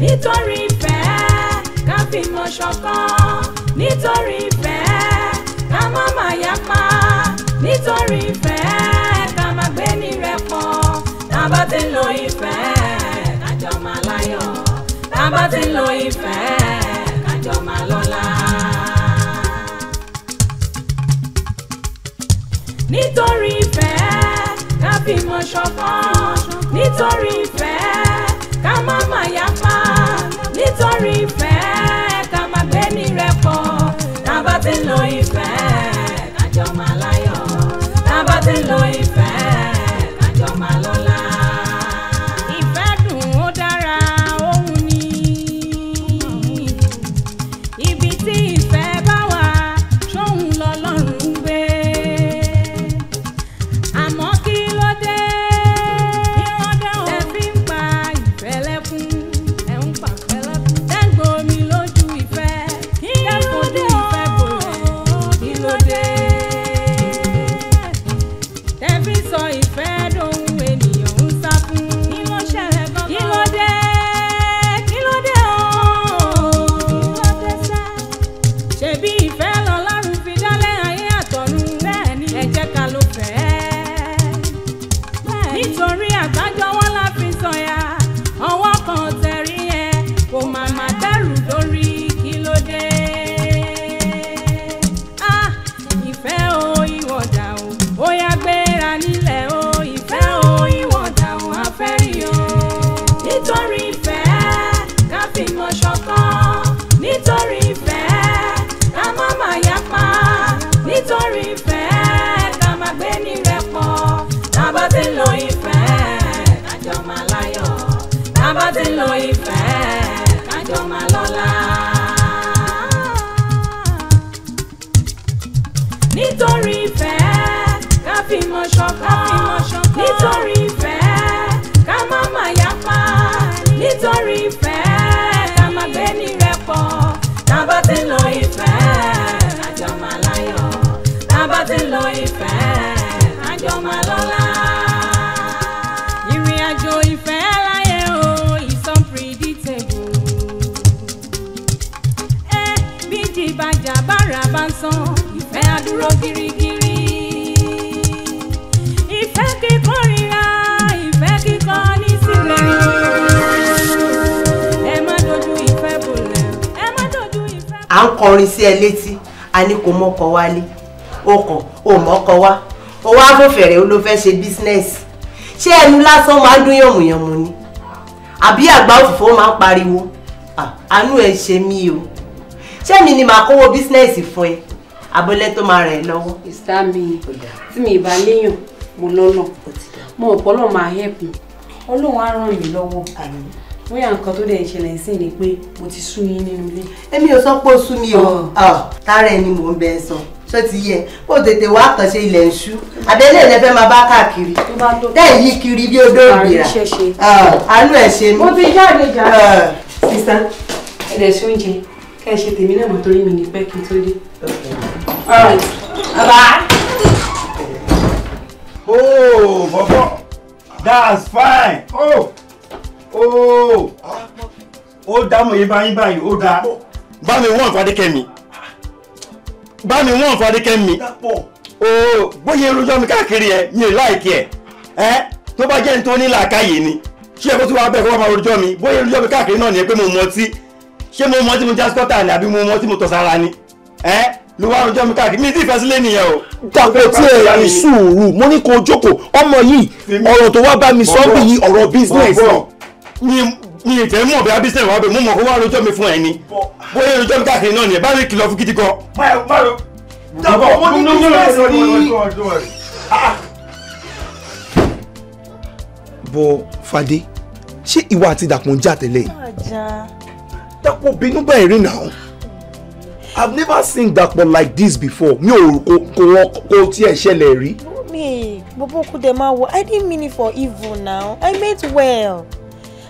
nítorí ìfẹ́ ká fìmọ̀ ṣọ̀kan nítorí ìfẹ́ ká má má yá pa nítorí ìfẹ́ ká má gbé ní rẹpọ̀ tá bá ti ń lo ìfẹ́ ká jọ máa láyọ̀ tá bá ti lo ìfẹ́ ká jọ máa nítorí ìfẹ́ ká fìmọ̀ ṣọ̀kan nítorí ìfẹ́ ká má má yá pa nítorí ìfẹ́ ká máa gbé ní rẹpọ̀ náà bá ti lọ ìfẹ́. kọrin sí ẹ létí a ní kò mọ́kọ wálé o kàn o mọ́kọ wá o wá fún fẹ̀rẹ̀ o ló fẹ́ ṣe bísínẹ́sì ṣé ẹnu lásán máa ń dún yànmùyànmù ni àbí àgbá òfìfo máa ń pariwo àánú ẹ ṣe mí o ṣé mi ni màá kówó bísínẹ́sì fún ẹ abọ́lẹ́ tó máa rẹ̀ lọ́wọ́. ìsá mi tí mi ìbá léèyàn mo lọ́nà mo ọ̀pọ̀ lọ́ọ́ máa hẹ́pù ọlọ́run á ràn mí lọ́wọ́ bóyá nǹkan tó dẹ̀ ń ṣẹlẹ̀ sí ni pé mo ti sú yín nínú ilé. èmi ò sọ pé ó sú mi o ah. ah, tààrà ẹni mò ń bẹ sọ ṣó ti yẹ kó tètè wá àkànṣe ilẹ̀ ń ṣú àbẹ́lẹ̀ ilẹ̀ fẹ́ máa bá káàkiri tẹ́ yí kiri bí odó ìgbìrà ah, àánú ẹ̀ ṣe mi. mo ti jáde jà sísá ẹ̀dẹ̀ ṣe oúnjẹ kẹ́ ẹ ṣe tèmi náà mọ̀ torí mi ní pẹ́ kí n tó dé. Oh, Bobo, that's fine. Oh ó ó dá mọ̀ yín báyìí báyìí ó dá. bá mi wọ́n fadékẹ́mi bá mi wọ́n fadékẹ́mi ó bóyá irújọ́ mi káàkiri ẹ̀ mi ò láìkí ẹ̀ ẹ́ tó bá jẹ́ nítorí nílà káyè ni ṣé ẹ̀kọ́ tó wá bẹ́ẹ̀ kó wá máa rojọ́ mi bóyá irújọ́ mi káàkiri náà ni pé mo mọ ọtí ṣé mo mọ ọtí mo já skọ́tà ni àbí mo mọ ọtí mo tọ̀ sára ni ẹ́ ló wá rojọ́ mi káàkiri mi ti fẹ́ sílé nìyẹn o. dàgbò tí ẹ ní sùúrù mo ní kó jókòó ọmọ yìí ọ̀rọ̀ tó wá bá mi sọ́ọ́bì yìí ọ̀rọ̀ bísíǹsì mi ìfẹ́ mọ̀ bí abisẹ́ wà bẹ̀ mo mọ̀ kó wá rojọ́ mi fún ẹni bóyá rojọ́ mi káàkiri náà nìyẹn bá rí kìlọ̀ fún gidi gan. báyọ̀ báyọ̀ dàbọ̀ mo ní kí ló sọ ní. bọ Fadé ṣé ìwà àti Dàpọ̀ ń jà tẹ́lẹ̀ yìí. Dàpọ̀ bínú bẹ́ẹ̀ rí náà I've never seen Dàpọ̀ like this before mi ò kò kò tiẹ̀ ṣẹlẹ̀ rí. mi gbogbo kúndẹ̀ máa wọ I didn't mean it for evil now I meant well.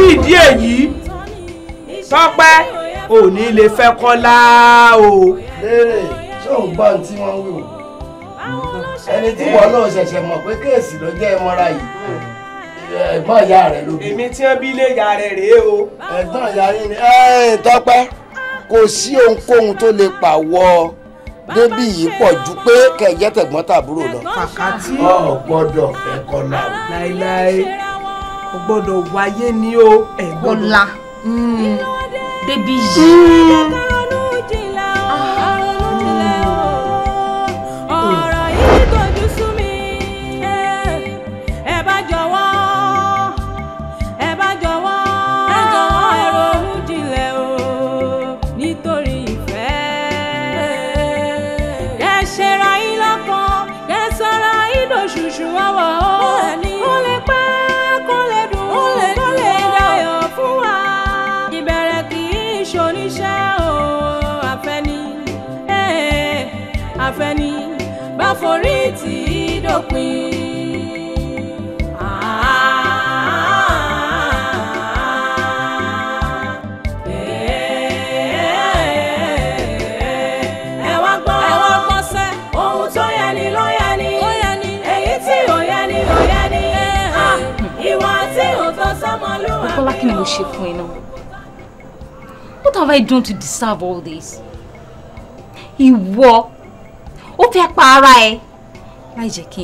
torí ìdí èyí tọ́pẹ́ ò ní lè fẹ́ kọ́lá o. léèrè ṣé òun gbọ́ ohun tí wọ́n wí o ẹni tí wọn náà ṣẹ̀ṣẹ̀ mọ̀ pé kéèsì ló jẹ́ ẹmọ́ra yìí ẹ̀gbọ́n ìyá rẹ̀ ló bí. èmi tí wọ́n bí lé ìyá rẹ̀ rèé o. ẹ̀gbọ́n ìyá rẹ̀ ni tọ́pẹ́ kò sí ohunkóhun tó lè pàwọ́ débì yìí pọ̀ ju pé kẹ̀jẹ́ tẹ̀gbọ́n lọ. kàkà ọ̀ gbọ́dọ̀ fẹ́ kọ́lá o. láéláé kò gbọ́dọ̀ wáyé ni o ẹ̀ gbọ́dọ̀. Hmm. débi yìí. Hmm. kí ni mo ṣe what have I done to deserve all this ìwọ walk, fẹ́ pa ara Why láì jẹ́ kí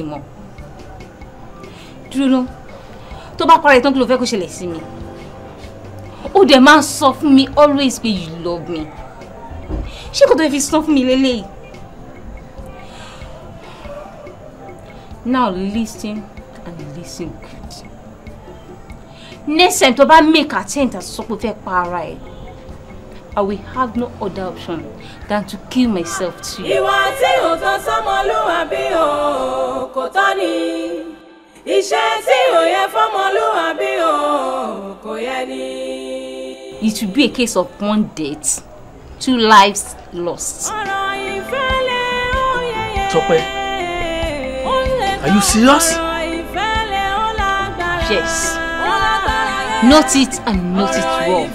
Do you know? To tó bá para ẹ tán kí ló fẹ́ kó ṣẹlẹ̀ sí mi ó dẹ̀ máa ń sọ mi always pé you love me She kò tó fi sọ fún mi lélẹ́yìí now listen and listen nation tó bá make attempt àti sọ pé fẹ́ pa ara ẹ̀ I will have no other option than to kill myself too. ìwà tí ò tọ́ sọ́mọlúwàbí o kò tọ́ ni iṣẹ́ tí ò yẹ fọ́mọlúwàbí o kò yẹ ni. It will be a case of one death two lives lost. Tọ́pẹ́, are you serious? Yes not it and not it well.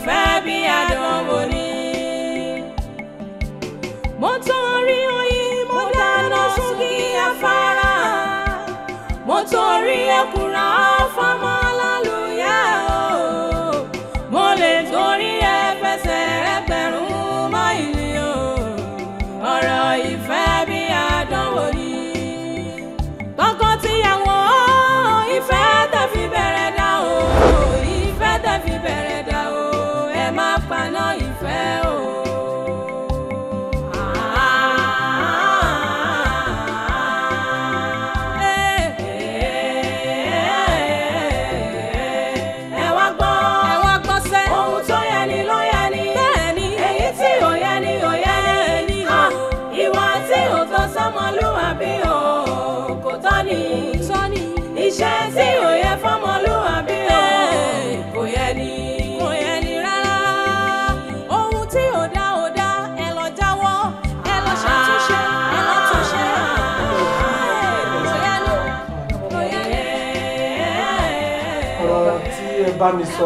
bá mi sọ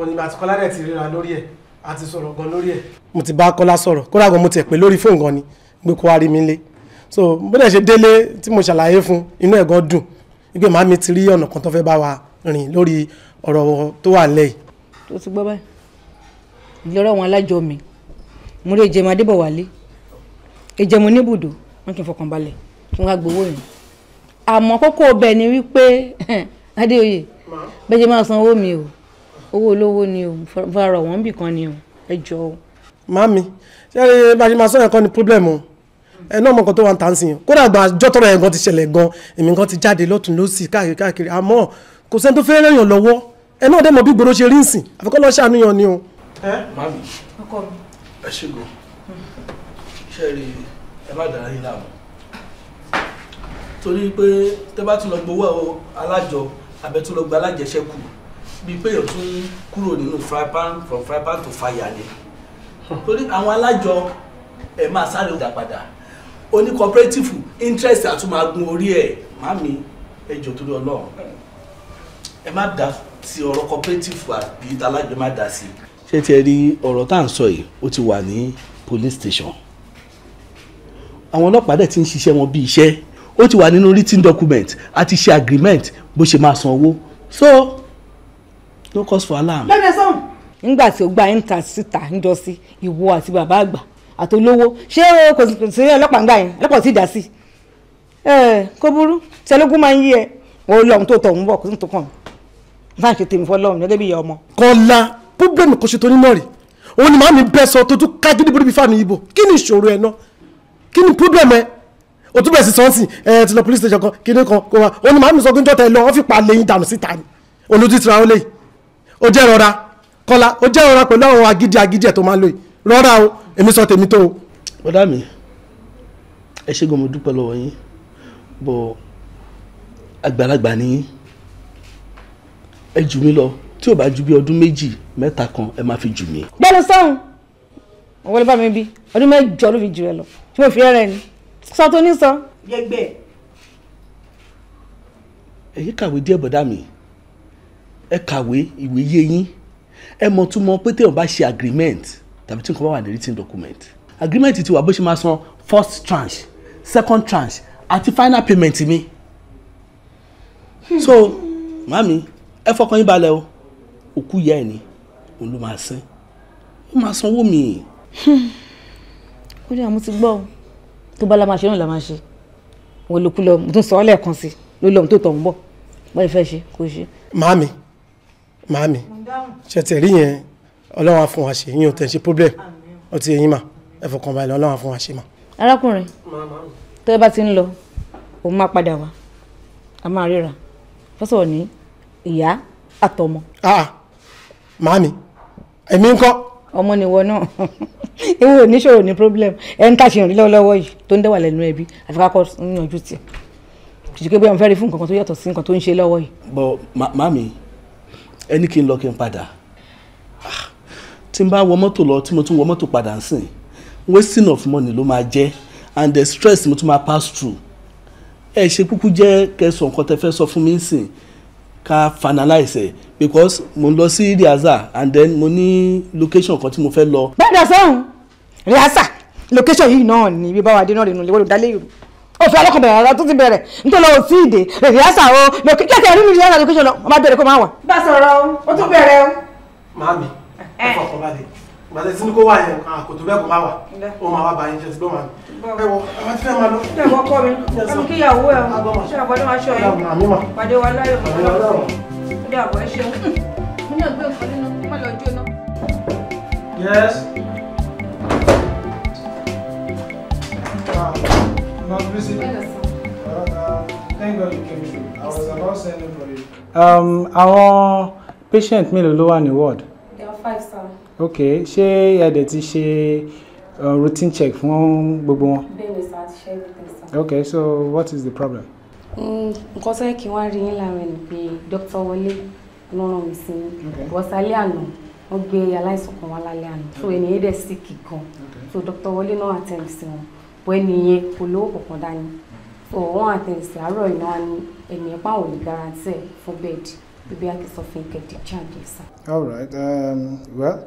òní àti kọ́lá dẹ̀ ti ríra lórí ẹ̀ àti sọ̀rọ̀ gan lórí ẹ̀. mo ti bá kọ́lá sọ̀rọ̀ kódà gan mo ti ẹ̀ pé lórí fóònù gan ni pé kó wá rí mi lé so bó dẹ̀ ṣe délé tí mo ṣàlàyé fún inú ẹ̀ gan dùn wípé màá mi ti rí ọ̀nà kan tó fẹ́ bá wa rìn lórí ọ̀rọ̀ tó wà lẹ́yìn. tó ti gbọ́ báyìí ìlọrọ àwọn alájọ mi mo rí ìjẹun adébọ̀wálé ìjẹun oníbùdó wọn kì í fọkàn balẹ̀ kí wọ́n á gbowó yẹn àmọ́ kókó ọbẹ̀ ni wípé adéoyè bẹ́jẹ̀ máa sanwó mi o owó olówó ni o fara wọ́n bì kan ni o ẹ jọ o. màámi ṣé ẹ bá ṣe máa sọ yẹn kọ́ ni problem o ẹ náà mọ nǹkan tó wà ń tà ń sìn kódà àgbà àjọtọrọ yẹn gan ti ṣẹlẹ̀ gan èmi gan ti jáde lọ́tún lọ́sì káàkiri káàkiri àmọ́ kò sẹ́ni tó fẹ́ rẹ̀yàn lọ́wọ́ ẹ náà dẹ̀ mọ̀ bí gbòòrò ṣe rí nsìn àfikún lọ́ọ́ ṣàníyàn ni o. ẹ màámi ọkọ mi ẹ ṣe gan ṣe rí ẹ má dàrá yín láàmú torí pé tẹ bá tún lọ gbowó alájọ abẹ́tún lọ gba alájẹsẹ́kù bíi pé èèyàn tún kúrò nínú fry pan from fry pan to fire ni torí àwọn alájọ ẹ̀ máa sáré ọjà padà oní cooperative interest àtúmọ̀gùn orí ẹ̀ màmí ẹjọ́ torí ọlọ́run ẹ má dá sí ọ̀rọ̀ cooperative àbí alájọ má dá sí. ṣé tiẹ̀ rí ọ̀rọ̀ tá à ń sọ yìí ó ti wà ní police station àwọn ọlọ́pàá dẹ̀ ti ń ṣiṣẹ́ wọn bí iṣẹ́ ó ti wà nínú written document àti ṣe agreement bó ṣe máa san owó so no cause for alarm. bẹ́ẹ̀ sọ́hùn. nígbà tí ó gba níta síta níjọ sí ìwọ àti bàbá àgbà àtolówó ṣé kò sí ọlọ́pàá ńgbà yẹn ọlọ́pàá ti dà sí i kó burú tẹlógún máa ń yí ẹ òun lọ́run tó tọ̀ ń bọ̀ kó tó kàn bá ṣe tèmi fọlọ́run gẹ́gẹ́ bí ìyá ọmọ. kọ́lá púpẹ̀mù kò ṣe tó nímọ̀ rè òun ni màmí bẹ́ẹ̀ sọ tó tún kájídé borí bí fáàmì ibo kí ni ìṣòro ẹ̀ náà kí ni púpẹ̀mù ẹ̀ o tún bẹ̀rẹ̀ sí sọ́ọ̀sì ẹ ti lọ police station kan kíní kan kó wa ó ní màámi sọ pé njọ́ta ẹ lọ wọ́n fi pa lẹ́yìn dànù síta ni olójú ti ra ó lé o jẹ́ rọra kọ́lá o jẹ́ rọra pẹ̀lú àwọn agídí agídí ẹ̀ tó máa lò yìí rọra o èmi sọ tèmi tó o. bọ́dà mi ẹ ṣe gan mo dúpẹ́ lọ́wọ́ yín bọ́ àgbàlagbà ni ẹ jù mí lọ tí ò bá ju bí ọdún méjì mẹ́ta kan ẹ máa fi jù mí. gbẹ́nu sọ́hun òun bá mi bí ọdún mẹ́jọ ló fi jù ẹ lọ tí mo fi rẹ́rẹ́ ni sọ tó ní sọ. gbẹgbẹ. ẹ̀yin kàwé díẹ̀ bọ̀dá mi ẹ kàwé ìwé yé yín ẹ mọ̀ túmọ̀ pé téèyàn bá ṣe agreement tàbí tí nǹkan bá wà ní written document agreement ti wà bó ṣe máa san first tranche second tranche àti final payment mi so màmí ẹ fọkàn yín balẹ̀ o òkú ìyá ẹ̀ ni òun ló máa sin ó máa sanwó mi. ó dé àmú ti gbọ́ o tó bá la máa ṣe náà la máa ṣe wọn ló kú lọ mo tún sọ ọ lẹ́ẹ̀kan sí ló lọ tó tọ̀ ń bọ̀ wọ́n lè fẹ́ ṣe kó ṣe. màámi màámi ṣe tẹ̀ rí yẹn ọlọ́run á fún wa ṣe yín ò tẹ̀ ṣe problem ọtí eyín mà ẹ fọkàn balẹ̀ ọlọ́run fún wa ṣe mà. arákùnrin tó ẹ bá ti ń lọ òun máa padà wá a máa ríra fọ́sọ̀ ní ìyá àtọmọ. Ah, ah. màámi èmi ń kọ́. ọmọ nìwọ náà. ewu oníṣòwò ní problem ẹni tá a ṣe yàn lọ́wọ́lọ́wọ́ yìí tó ń dẹ́wà lẹ́nu ẹbí àfi ká kọ́ yanjú tiẹ̀ kìí pé bóyá mo fẹ́ rí fún nǹkan tó yàtọ̀ sí nǹkan tó ń ṣe lọ́wọ́ yìí. bọ màmí ẹni kí n lọ kí n padà ah, tí n bá wọ mọ́tò lọ tí mo tún wọ mọ́tò padà ń sìn wasting of money ló máa jẹ́ and the stress mo tún máa pass through ẹ ṣe kúkú jẹ́ kẹsàn-án nǹkan tẹ fẹ́ sọ fún mi ń sìn ká finalize ẹ̀ because mo ń lọ sí riaza and then mo ní location kan tí mo fẹ́ lọ. bẹ́ẹ̀ sọ́hún riaza location yìí náà ni bí báwa dé náà nínú ìwé olùdálé ìlú òfin ọlọ́kàn bẹ̀rẹ̀ ọ̀rọ̀ tó ti bẹ̀rẹ̀ nítorí o tí ì dé riaza o kẹ́kẹ́ nínú riaza location lọ ọba bẹ̀rẹ̀ kó máa wà. bá a sọ̀rọ̀ o ó tún bẹ̀rẹ̀ o. màámi ẹ fọkàn balẹ̀ gbàdé sínú kó wà yẹn àkótó bẹ́ẹ̀ kó máa wà ó máa wá bá yín jẹ sí lọ́wọ́ mi. ẹ wọ àwọn tí fẹ́ẹ́ máa lọ. ṣé ìwọ kọ́ mi àmì kíyàwó ẹ̀ ṣé àbọ̀dé máa ṣọ yín pàdé wa láyọ̀ ó ẹ ṣeun mo ní ọgbẹ́ òkú nínú má lọ jóná. yes. Ah, uh, um, àwọn patient mélòó ló wà ní ward? There five, sir. Okay, ṣé ẹ dẹ̀ ti ṣe uh, routine check fún gbogbo wọn? Bẹ́ẹ̀ni, Okay, so what is the problem? Hmm, nǹkan tó yẹ kí wọ́n rí yín lára ẹni pé dókítà wọlé ló ràn sí i bọ́sálẹ̀ àná wọ́n gbé aláìsàn kan wá lálẹ́ àná so ènìyàn dẹ̀ sick gan so dókítà wọlé náà àtẹ̀lẹ̀ sí wọn bọ́ ẹnìyẹn kò lówó kankan dání so wọ́n àtẹ̀lẹ̀ sí àárọ̀ iná wa ní ẹnìyẹn pàwọn lè garanti ẹ̀ fún bẹ́ẹ̀dì bíbí akínsọ̀fin kẹ̀dí charges. all right um, well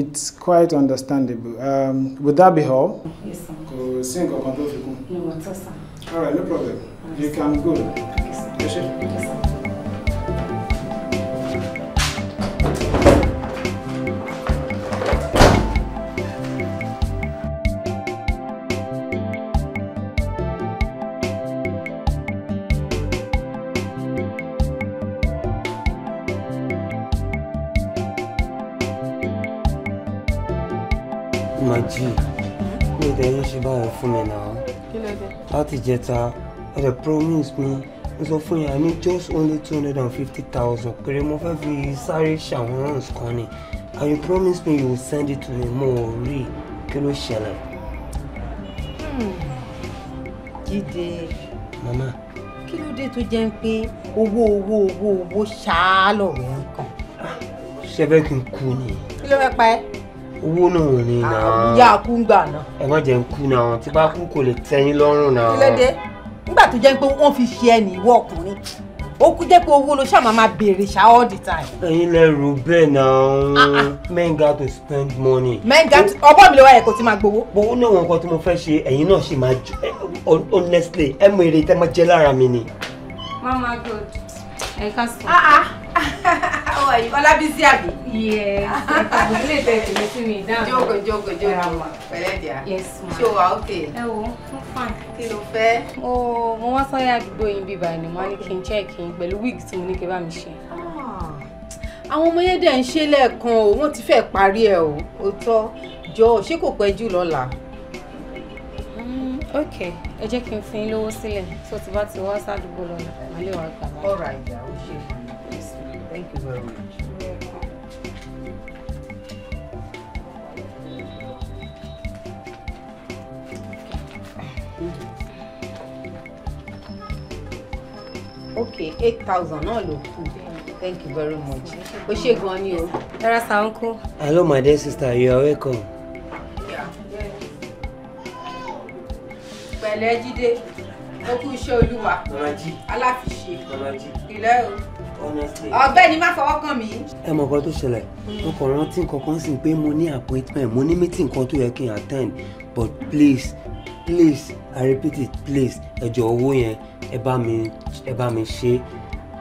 it's quite understandable um, would that be all. yes sir. kò sí nǹkan kan tó fi kún. no matter sir. all right no problem. You can go. Okay, sir. Okay, sir. Maji, mi ò dẹ̀ ń ṣe báyìí fún mi náà. Kí And dẹ̀ promise me, mo sọ fún yàrá ní just only two hundred and fifty thousand péré mo fẹ́ fi sáré ṣàwòrán kan ni and you promise me you will send it to me mo ò rí kí ló ṣẹlẹ̀. Hmm. jíde. mama. kí ló dé tó jẹ́ pé owó owó owó owó ṣáá lọ̀rọ̀ ẹ̀ ń kàn. Ah, ṣé bẹ́ẹ̀ kí n kú ni. kí ló fẹ́ pa ẹ́ owó náà ni ah, náà. ìyá àkúngbà náà. ẹ má jẹ́ ń kú náà tí bá kú kò lè tẹ́yìn lọ́rùn náà. kí ló dé tó jẹ́ pé wọ́n fi ṣe ẹni ìwọ ọkùnrin ó kú jẹ́ pé owó ló ṣàmà máa béèrè ṣá all the time. ẹ̀yin lè rò náà ah, ah. men got to spend money. men got to ọbọ mi lè wáyé kó ti máa gbowó. bó ó ní àwọn nǹkan tí mo fẹ́ ṣe ẹ̀yin náà ṣì máa jẹ eh, honestly ẹ mọ èrè tẹ́ máa jẹ lára mi ni. mama good ẹ ká sọ. Ah, are you? Olabisi abi? Yes. Ilé ìfẹ́ tèmi sí mi dáhùn. Jókòó jókòó jókòó. Pẹ̀lẹ́ díà. Yes ma. Ṣé o wà okay? Ẹ wo, fún fine. Kí ló fẹ́? Mo mo wá sọ́yà àdúgbò yín bíbá ni mo ní kí n check in pẹ̀lú wíìgì tí mo ní kí bá mi ṣe. Ah. Àwọn ọmọ yẹn dẹ̀ ń ṣe lẹ́ẹ̀kan o, wọ́n ti fẹ́ parí ẹ̀ o. Òótọ́ jọ ṣé kò pẹ́ jù lọ́la? Mm, ok ẹ jẹ́ kí n fi yín lówó sílẹ̀ tó ti bá ti wá sádùúgbò lọ́la màá lè wá gbà. ọ̀rọ̀ àìjà ò ṣe Thank you very much. okay eight thousand náà ló thank you very much o ṣe gan ni o. rárá sa uncle. hello my dear sister you are welcome. Well, do pẹ̀lẹ́ jíde ó kú iṣẹ́ olúwa aláfiṣe ìlẹ́ o ọ̀gbẹ́ni má fọwọ́ kàn mí. ẹ mọ̀ nǹkan tó ṣẹlẹ̀ mo kàn rántí nǹkan kan sí pé mo ní appointment mo ní meeting kan tó yẹ kí n attend but please please i repeat it please ẹ jọ owó yẹn ẹ bá mi ẹ bá mi ṣe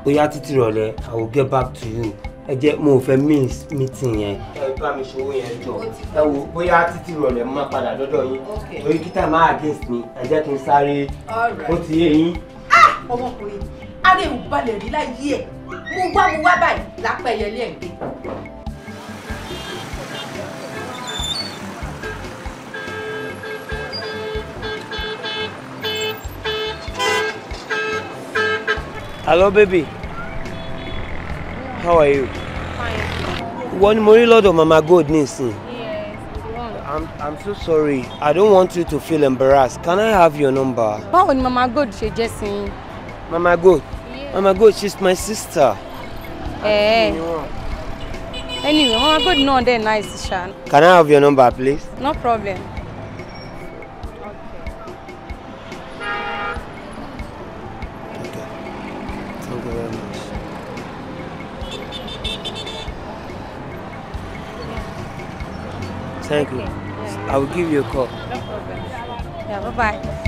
bóyá títí rọ̀lẹ́ i will get back to you ẹ jẹ́ mo fẹ́ miss meeting yẹn. ẹ bá mi ṣòwò yẹn jọ ẹ wò bóyá títí rọ̀lẹ́ mo máa padà dọ́dọ̀ yín lórí kíta máa against mi ẹ jẹ́ kí n sáré ó ti yé yín. Ah! ọmọkùnrin ara ẹ̀ ò balẹ̀ rí láyé ẹ̀ mo wá mo wá báyìí lápẹ́ ẹyẹlé ẹ̀ ń gbé. Hello, baby. How are you? Fine. One more lot of Mama Gold Nisin. Yes, I'm, I'm so sorry. I don't want you to feel embarrassed. Can I have your number? Báwo ni Mama Gold ṣe jẹ́ sí yín? Mama Gold, Oh my God, she's my sister. Hey. Eh. Anyway, oh my God, no, they're nice, Shan. Can I have your number, please? No problem. Thank you. Yeah. I will give you a call. No problem. Yeah, bye-bye.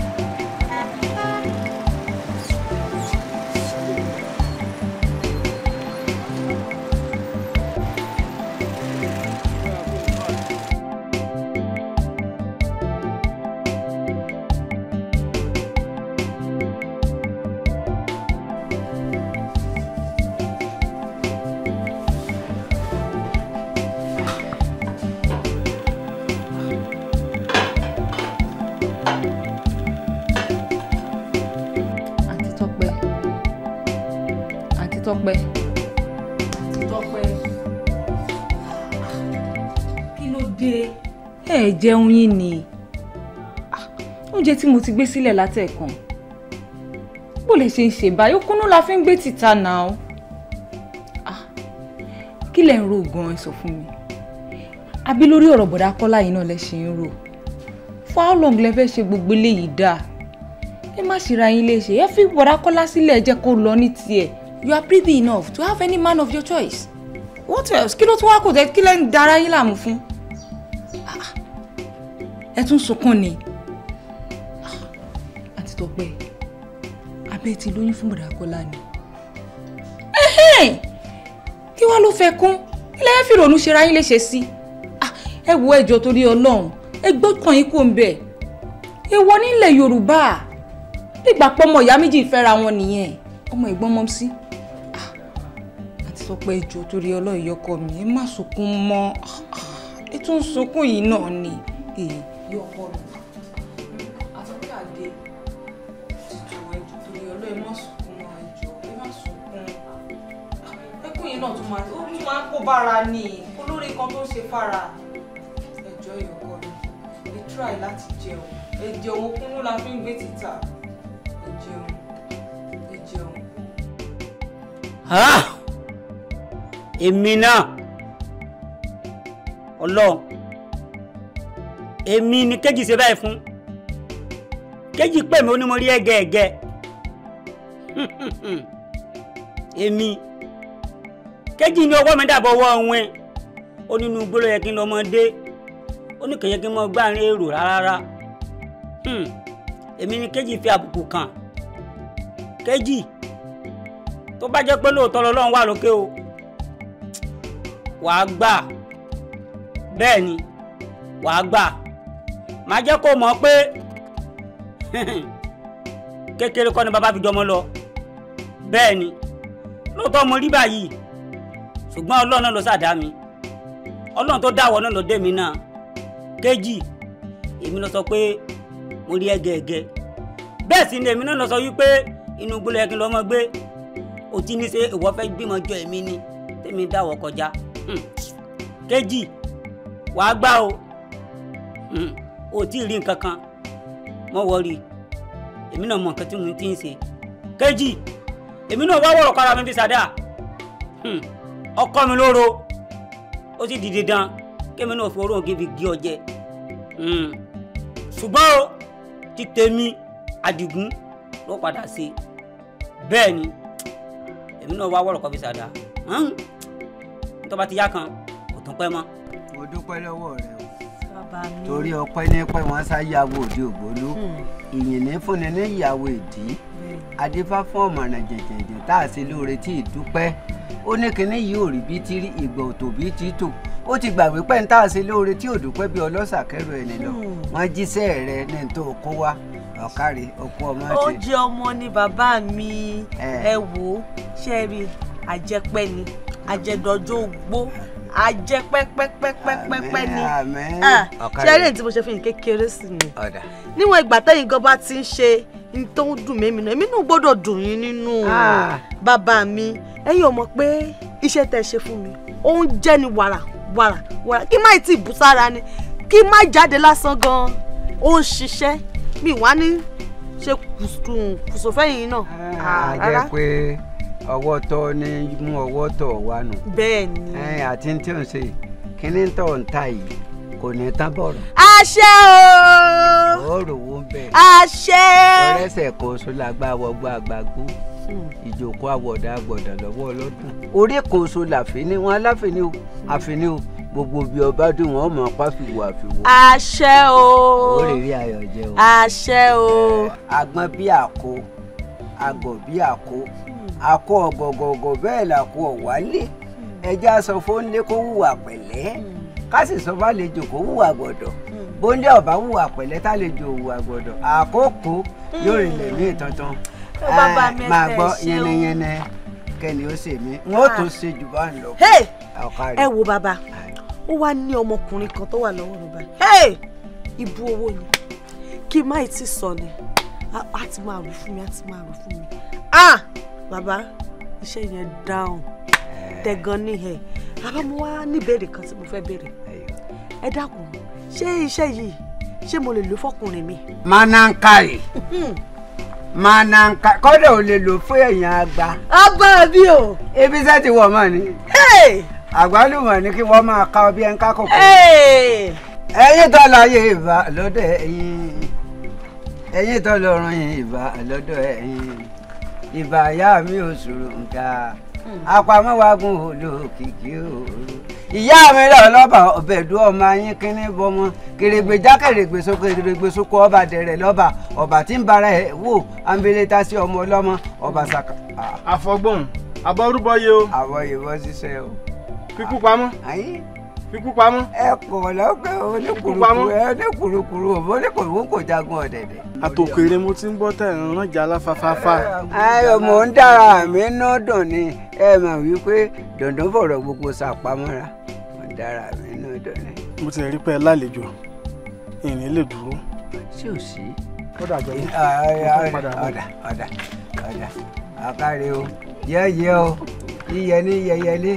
jẹun yín ni ah, oúnjẹ tí mo ti gbé sílẹ̀ látẹ̀kan bó lè ṣe ń ṣe báyìí okúnú la fi ń gbé tìta náà ah, kí lẹ̀ ń ro gan-an sọ fún mi àbí lórí ọ̀rọ̀ bọ̀dá kọ́lá yìí náà lẹ ṣe ń rò for how long lẹ fẹ́ ṣe gbogbo eléyìí dáa ẹ má ṣe ra yín léṣe ẹ fi bọ̀dá kọ́lá sílẹ̀ ẹ jẹ́ kó lọ ní tiẹ̀ you are pretty enough to have any man of your choice what else kí ló tún wá kò tẹ́ kí lẹ́ ń dara yín fún ẹ tún sunkún ni ah, àti tọpẹ abẹ ti lóyún fún bùrà kọlá ni kí wàá ló fẹ́ kún ilé ẹ fi rònú ṣe ra yín léṣe sí ah, ẹ wo ẹjọ́ torí Ọlọ́run ẹ gbọ́kàn yín kò ń bẹ èèwọ̀ nílẹ̀ Yorùbá nígbà pọmọ ìyá méjì fẹ́ra wọn nìyẹn ọmọ ìgbọ́n mọ́ sí ah, àti tọpẹ ẹjọ́ torí Ọlọ́run ìyọkọ mi ẹ má sunkún mọ́ ẹ tún sunkún yìí náà ni. Eh bí ọkọ mi àtúntà dé àwọn ẹjọ torí ọlọ́ọ̀ má sunkún mọ́ ẹjọ ẹ má sunkún ẹkún yìí náà tún máa ó tún máa ń kó bára ni olórí kan tó ń ṣe fara ẹjọ ìyọkọ mi ẹ tíráì láti jẹun ẹ jẹun okúnú la fi ń gbé títà ẹ jẹun ẹ jẹun. èmi náà ọlọ́run èmi ni kéjì ṣe báyìí fún kéjì pè mí ó ní mo rí ẹgẹ ẹgẹ èmi kéjì ní ọwọ́ mi dàbọ̀ ọwọ́ wọn ó nínú igbó ló yẹ kí n lọ́mọ dé ó ní kẹ̀yẹ́ kí n mọ gbáàrin èrò rárá hmm. èmi ni kéjì fi àbùkù kàn kéjì tó bá jẹ́ pé lóòótọ́ lọ́lọ́run wà lókè o wàá gbà bẹ́ẹ̀ ni wàá gbà màá jẹ́ kó mọ̀ pé kékeré kọ́ ni bàbá fi jọmọ lọ bẹ́ẹ̀ ni lóòótọ́ mo rí báyìí ṣùgbọ́n ọlọ́run náà ló ṣàdá mi ọlọ́run tó dáwọ́ náà ló dé mi náà kejì èmi lọ sọ pé mo rí ẹgẹẹgẹ bẹ́ẹ̀ sì ni èmi náà lọ sọ wípé inú gbólọ yẹ kí n lọ́mọ gbé o ti ní ṣe ìwọ fẹ́ gbímọ jọ èmi ni tèmi dáwọ́ kọjá hmm. kejì wàá gbá o. Mm o ò tí ì rí nǹkan kan mọ́ wọrí èmi náà mọ nǹkan tí mo ti ń ṣe kejì èmi náà wá wọ̀rọ̀ kára mi fi ṣàdá hmm, ọkọ mi lóró ó sì dìde dán kémi náà fi oróhùn kí fi gé ọ jẹ hmm, ṣùgbọ́n o ti tèmi àdìgún ló padà ṣe bẹ́ẹ̀ ni èmi náà wá wọ̀rọ̀ kan fi ṣàdá nítorí bá ti yá kan kò tún pẹ́ mọ́. mo dúpẹ́ lọ́wọ́ rẹ o. torí ọpẹ́ ní pẹ́ wọ́n ṣáyàwó òde ògbólú hmm. ìyìn ní fúnni ní ìyàwó ìdí adífá fún ọ̀mọ̀nà jẹ̀jẹ̀jẹ̀ tá a ṣe lóore tí ìdúpẹ́ ó ní kinní yìí ò rí bí tírí ìgbà òtò bí ó ti gbà tí bí ẹni lọ hmm. rẹ ní tó kó ọkọ ọmọ ó ọmọ ni bàbá mi ẹ wò ó ṣe ajẹ́ pẹ́pẹ́pẹ́pẹ́pẹ́ ni ah, ṣé eré tí mo ṣe fún yín kékeré sí ni níwọ̀n ìgbà tẹ́yìn gan bá ti ń ṣe ní tó ń dùn mẹ́mi náà èmi náà gbọ́dọ̀ dùn yín nínú ah. bàbá mi ẹ̀yin ò mọ̀ pé iṣẹ́ tẹ́ ṣe fún mi ó ń jẹ́ ni wàrà wàrà wàrà kí má tí ì bù sára ni kí má jáde lásán gan ó ń ṣiṣẹ́ mi wá ní ṣe kùsùfẹ́yìn náà ah, rárá ọwọ́ tọ́ ní mú ọwọ́ tọ̀ wá nù. bẹ́ẹ̀ ẹ àti tí ò ń ṣe kíní tọ̀ ń ta yìí kò ní tán bọ̀rọ̀. àṣẹ o. òórò wo ń bẹ. àṣẹ. ọrẹsẹ kan oṣù làgbà wọgbọ àgbàgbọ ìjòkó àwọdà àgbọdà lọ́wọ́ ọlọ́dún orí kan oṣù làfínì wọn aláfínì àfínì o gbogbo bí ọba dùn wọn mọ pàfìwò àfìwò. àṣẹ o. òórèrè ayọ̀ o. àṣẹ o. agbọ́n bí àkó agọ̀ bí àkó àkọ ọ̀gọ̀gọ̀gọ̀ bẹ́ẹ̀ làkọ ọ̀wálé hmm. ẹja sọ fóńlé kó wùwà pẹ̀lẹ́ hmm. ká sì sọ fàlejò kó wùwà gbọ̀dọ̀ hmm. bóńlé ọ̀bá wùwà pẹ̀lẹ́ tàlejò wùwà gbọ̀dọ̀ àkókò yóò rìnlẹ̀ ní ìtọ́tán máa gbọ́ yẹnẹyẹnẹ kẹ́ni ó ṣe mí wọ́n tó ah. ṣe jù bá ń lọ. ẹ wo bàbá ó wá ní ọmọkùnrin kan tó wà lọ́wọ́ mi báyìí ibu owó ni kí má ì tí sọ ni a ti máa rò fún mi a ti máa rò fún mi. Ah! Baba, iṣẹ́ yẹn down. tẹ̀gàn ní ẹ̀ bàbá mo wá níbèrè kan tí mo fẹ́ béèrè ẹ dákun ṣé iṣẹ́ yìí ṣé mo lè lò fọkùnrin mi. manankari hmm. manankari kọ́dà ò lè lò fún èèyàn àgbà. àgbà bí o. ebi sẹ́ ti wọ̀ mọ́ ni. àgbálùmọ̀ ni kí wọ́n máa ka ọbẹ̀ ń ká kòkó. ẹyin tó láyé ìbá lọ́dọ̀ ẹ̀yin ẹyin tó lọ́rùn ìbá lọ́dọ̀ ẹ̀yin ìbàyà mi ò sòrò ń ta apamọ́wagun hmm. òdo kìkì òru. ìyá mi lọ lọ́ba ọ̀bẹ̀dú ọmọ ayín kínní bọmọ kèrègbè jákèrègbè sókè kèrègbè sókò ọba dẹ̀rẹ̀ lọ́ba ọba tí ń bara ẹ̀ wò ambeleta sí ọmọ ọlọ́mọ ọba saka. àfọgbọ́n àbọ̀rúbọyé o. àwọ̀ ìbọn ṣiṣẹ́ o. kíkú pamọ́. ayín ikú pamọ́. ẹ kò lọ́kẹ́ oníkùrùkù ẹ oníkùrùkùrù òfò oníkùrùkù kò jagun ọ̀dẹ̀dẹ̀. àtòkèrè mo ti ń gbọ́ tẹ̀ ń jà láfáfáfá. ayọ̀ mò ń dára mi ná dùn ni ẹ mà wípé dandan fọ̀rọ̀ gbogbo ṣàpamọ́ra mò ń dára mi ná dùn ni. mo ti rí pé lálejò ìrìn lè dúró. ṣé ò sí. ọ̀dà àjọyọ̀ ọ̀dà ọ̀dà ọ̀dà ọ̀dà àkàrẹ̀ o yẹ́yẹ́ o yíyẹ ní yẹyẹ ní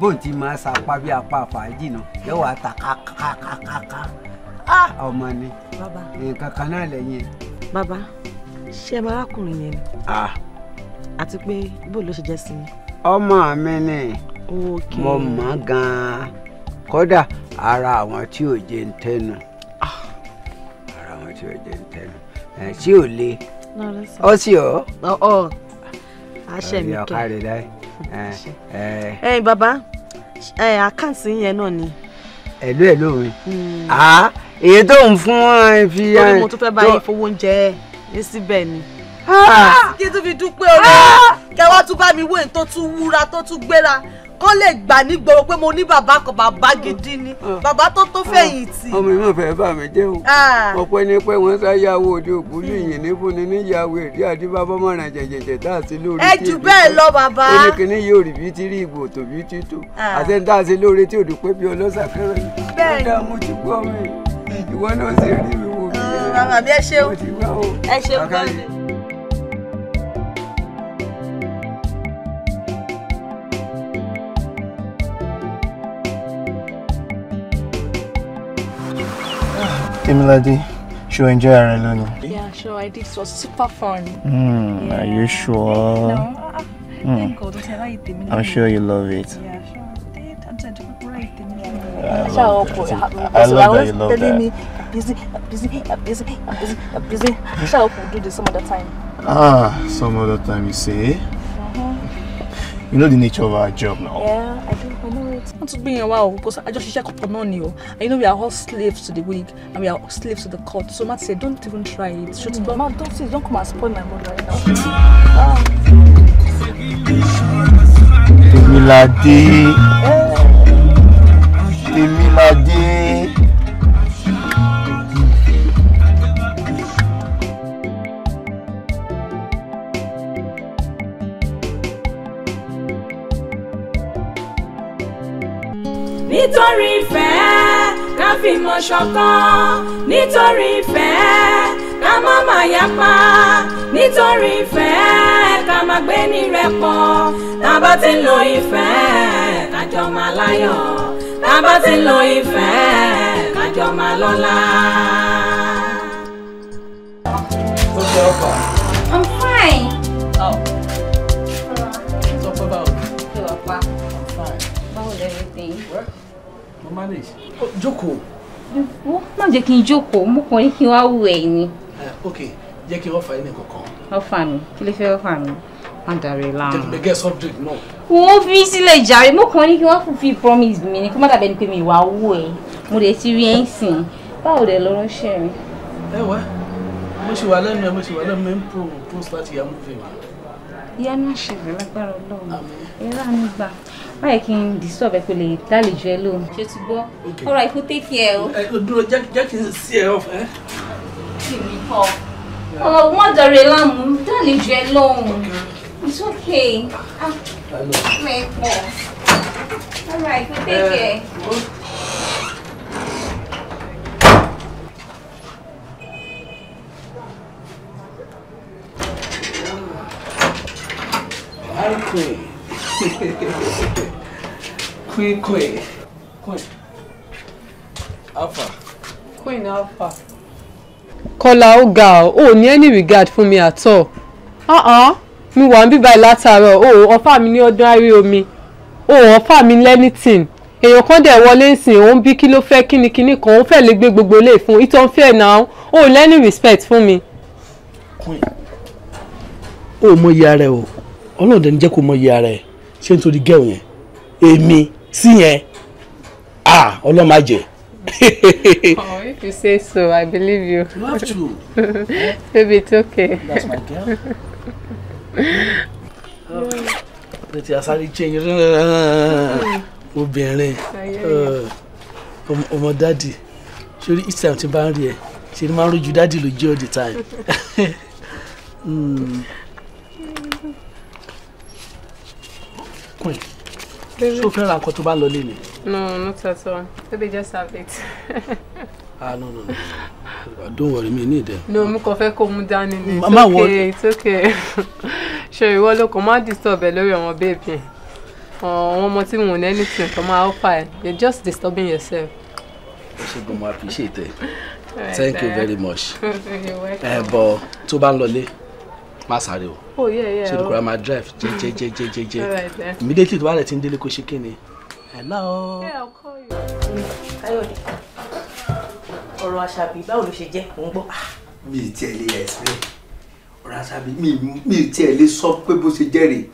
bóun ti máa sapá bí apá fàájì náà yóò wá ta kákákákáká ọmọ ni nǹkan kan náà lẹ́yìn. bàbá ṣé ẹ máa rákùnrin yẹn ni. àti pé bó ló ṣe jẹ́ sí i. ọmọ mi ni mo mọ̀ gan-an kódà ara àwọn tí ò jẹ ń tẹnu ah. ara àwọn tí ò jẹ ń tẹnu ẹ sí ò le ọ sí ọ. àṣẹ mi kẹ ẹ Baba. ẹ àkáǹtì yẹn náà ni. ẹ̀lú ẹ̀lú mi èyí tó ń fún ẹ eh, fi. lórí eh, mo tún fẹ́ bá yín fowó oúnjẹ ní síbẹ̀ ni. Ah! kí n tún fi dúpẹ́ orí ah! kẹwàá tún bá mi wé tó tún wúra tó tún gbéra kó lè gbà nígboro pé mo ní bàbá kan bàbá gidi ni ah. Ah. bàbá tó tó fẹ̀yìntì. ọmọ mi máa fẹ́ bà mí jẹ́ o ah. ọ̀pẹ ni pé wọ́n ṣáyàwó òde òkú lè yìn ní fún ni níyàwó èrè àdìbàbọ̀ mọ̀ràn jẹ̀jẹ̀jẹ̀ tá a ti lórí tí èdè ẹ jù bẹ́ẹ̀ lọ bàbá. ẹnìkìnní yóò rí bí tí rí ìgbò tó bí títò àtẹ̀ntà àti lórí tí òdùpẹ́ bí ọlọ́sà kẹrẹ bẹ́ẹ̀ ni mo ti gbọ́ mi ìwọ náà sì rí mi wò mí. Timilady, she enjoy her alone. Yeah, sure, I did. It was super fun. Mm, yeah. Are you sure? No. Mm. God, I'm sure you love it. Yeah, sure. I did. I'm such a great that. I love that you love that. Me, busy, busy, busy, busy, busy. I shall do this some other time. Ah, some other time, you see? Uh -huh. You know the nature of our job now. Yeah, I want to been a while because I just share up on you. And you know we are all slaves to the wig and we are slaves to the court. So Matt said, don't even try it. Shut mm. up. Mom, don't say, don't come and spoil my mood right now. Tèmiládé ah. Tèmiládé. fìmọ̀ ṣọ̀kan nítorí ìfẹ́ ká má má yapa nítorí ìfẹ́ ká má gbé ní rẹpọ̀ tá ti ń lo ìfẹ́ ká máa láyọ̀ tá ti ń lo ìfẹ́ ká máa lọ́lá. I'm fine. Oh. What's about? You're up. I'm fine. manage. Oh, jókòó ó má jẹ́ kí n jókòó mú kàn ní kí n wá wù ẹ̀ ni. Eh, ok jẹ́ kí n ọ̀fà yín kankan. ọ̀fà mi kí lè fẹ́ ọ̀fà mi má dàrẹ́ láàmú. jẹ́ kí n bẹ gẹ́ soft drink náà. wọ́n fi sílẹ̀ jàre mú kàn ní kí wọ́n fi promise mi ni kó má dàbẹ́ ni pé mi wà wù ẹ̀ mo lè ti rí ẹ̀yìn sìn báwo dẹ̀ lọ́rọ́ ṣe ẹ wá mo ṣì wà lẹ́nu ẹ mo ṣì wà lẹ́nu ẹ ń pro post láti yà mú fèmí ìyá náà ṣẹlẹ̀ lágbára ọlọ́run ẹ̀rọ àmì gbà báyìí kí n disturb ẹ kò lè dálejò ẹ lóhùn ṣé ti gbọ́ ọ̀rọ̀ ikú take care o. ẹ kò dúró jẹ́ kí n sí ẹ ọ̀fẹ́. kì mí kọ́ ọ wọ́n dọ̀rẹ́ láàmú dálejò ẹ lóhùn it's okay ah mẹ́ẹ̀pọ̀ ọ̀rọ̀ ikú take eh, care. Queen Queen. Queen. Alpha. Queen Alpha. Kọ́lá ó ga ọ́, ò ní any regard fún mi at all. Mi wà ń bíbá ẹ̀ látàárọ̀, o ọ̀fà mi ní ọdún àárí omi, o ọ̀fà mi lẹ́nìtìn. Èèyàn kan dẹ̀ wọlé ń sìn, òun bí kí ló fẹ́ kínníkínní kan, òun fẹ́ lè gbé gbogbo ilé fún, ìtàn fẹ́ náà, o ò lẹ́ni respect fún mi. Queen, o ò mọ iye ara ẹ o, ọlọ́run dẹ̀ jẹ́ kó mọ iye ara ẹ ṣé nítorí gẹ́ù yẹn èmi sí yẹn ah ọlọ́mà jẹ. oh if you say so i believe you. you have to. baby it's okay. that's my girl. tètè àsáré change obìnrin ọmọ dáàdì sórí each time tí n bá ń rí ẹ ṣe ni máa ń rojú dáàdì lójú all the time. mm. point. Baby. So fẹ́ràn nǹkan tó bá ń lọ léèlè. No, not at all. Baby just have it. ah no no no. Don't worry me need them. No, mo kàn fẹ́ kó mú dání ni. It's okay, it's okay. Ṣé ìwọ ló kàn má disturb ẹ lórí àwọn bébì yẹn? Àwọn ọmọ tí wọn ní anything kan máa ọ́fà You're just disturbing yourself. Ẹ ṣe gbọ́n appreciate ẹ. Thank you very much. Ẹ bọ̀ tó bá ń lọ lé má sáré o oh, ṣe olùkọ́ra oh. máa drive jẹjẹjẹjẹjẹ immediately tó bá rẹ̀ ti ń délé kó ṣe kí ni hello. káyọ̀dé ọ̀rọ̀ àṣàbí báwo ló ṣe jẹ́ mò ń gbọ́. Ah, mi ì tiẹ̀ lè explain ọ̀rọ̀ àṣàbí mi ì tiẹ̀ lè sọ pé bó ṣe jẹ́ rèé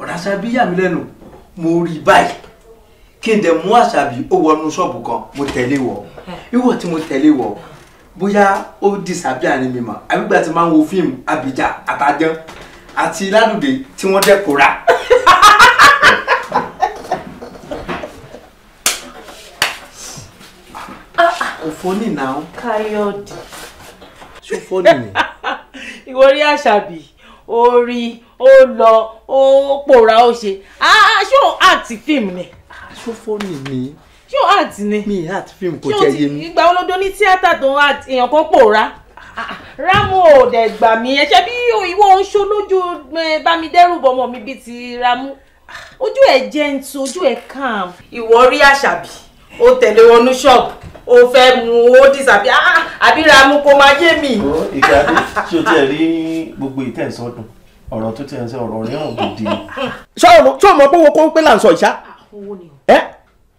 ọ̀rọ̀ àṣàbí yà mí lẹ́nu mo rí i báyìí kí n dẹ̀ mú àṣàbí ó wọnú ṣọ́ọ̀bù kan mo tẹ̀lé wọ̀ ìwọ tí mo tẹ̀lé wọ̀ bóyá ó disappear àárín mi mọ̀ àbígbà tí máa ń wo fíìmù Abidjan àtàjọ àti ládùúgbò tí wọ́n dẹ́kun ra. òfónì náà. Káyọ̀dé. ṣó fónì ni. ìwọ rí àṣàbí ó rí ó lọ ó pòórá ó ṣe ah, ah, ṣó àti fíìmù ni. Ah, ṣó fónì ni ṣé o art ni. mi art film kò tiẹ̀ yé mi. ìgbà wo ló dó ní tíátà tó èèyàn kan pòórá ramu ò dẹ̀ gbà mí ẹ ṣe bí ìwọ ń ṣó lójú bámidẹ́rù bọmọ mi bíi ti ramu ojú ẹ gentle ojú ẹ calm. ìwọ rí àṣàbí o tẹ̀lé wọnú ṣọ́ọ̀bù o fẹ́ mu ó dìsàbí àbí ah, ramu kò máa yé mi. ìgbàdí ṣé o tiẹ̀ rí gbogbo ìtẹ̀sọ́dún ọ̀rọ̀ tó tiẹ̀ ń sẹ́ ọ̀rọ̀ rírun gidi. ṣọ́ọ̀mọ́ pé owó kó ń pé là ń sọ ìṣá. Ah, owó ni o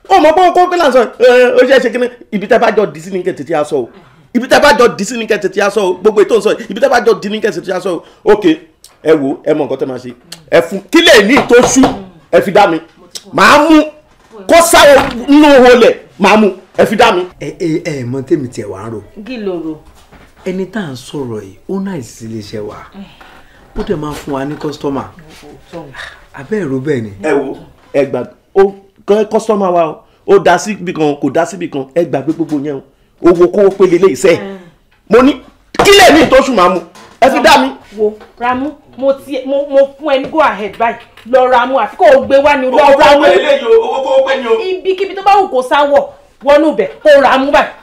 ó mọ̀ pé ó kó pé láǹsọ̀ ó ṣe é ṣe kíní ibi tẹ́ bá jọ dì sí ní kẹ̀tẹ̀ tí a sọ o ibi tẹ́ bá jọ dì sí ní kẹ̀tẹ̀ tí a sọ o gbogbo ètò ìsọ ibi tẹ́ bá jọ dì ní kẹ̀tẹ̀ a sọ o ok ẹ wo ẹ mọ nǹkan tẹ́ máa ṣe ẹ fún kí lè ní tó ṣú ẹ fi dá mi màá mú kó sáwọ nínú olè màá mú ẹ fi dá mi. ẹ ẹ ẹ mọ tèmi tiẹ̀ wá rò. kí ló rò. ẹni tá à ń sọ̀rọ̀ yìí ó náà sì lè ṣe wá ó dẹ̀ Customer kọ́sọ́mà wa ó dá síbi kan kò dá síbi kan ẹ gbàgbé gbogbo yẹn o owó kówó pélé lè sẹ́ mo ní kílẹ̀ ní ìtọ́sùn máa mu ẹ fi dá mi. wo Ramu mo ti mo mo fún ẹ go ahead báyìí lọ Ramu àfi kò o gbé wá ni lọ Ramu owó kówó pé ni o. ibikíbi tó bá wù kó sáwọ̀ wọnú bẹ̀ kó Ramu báyìí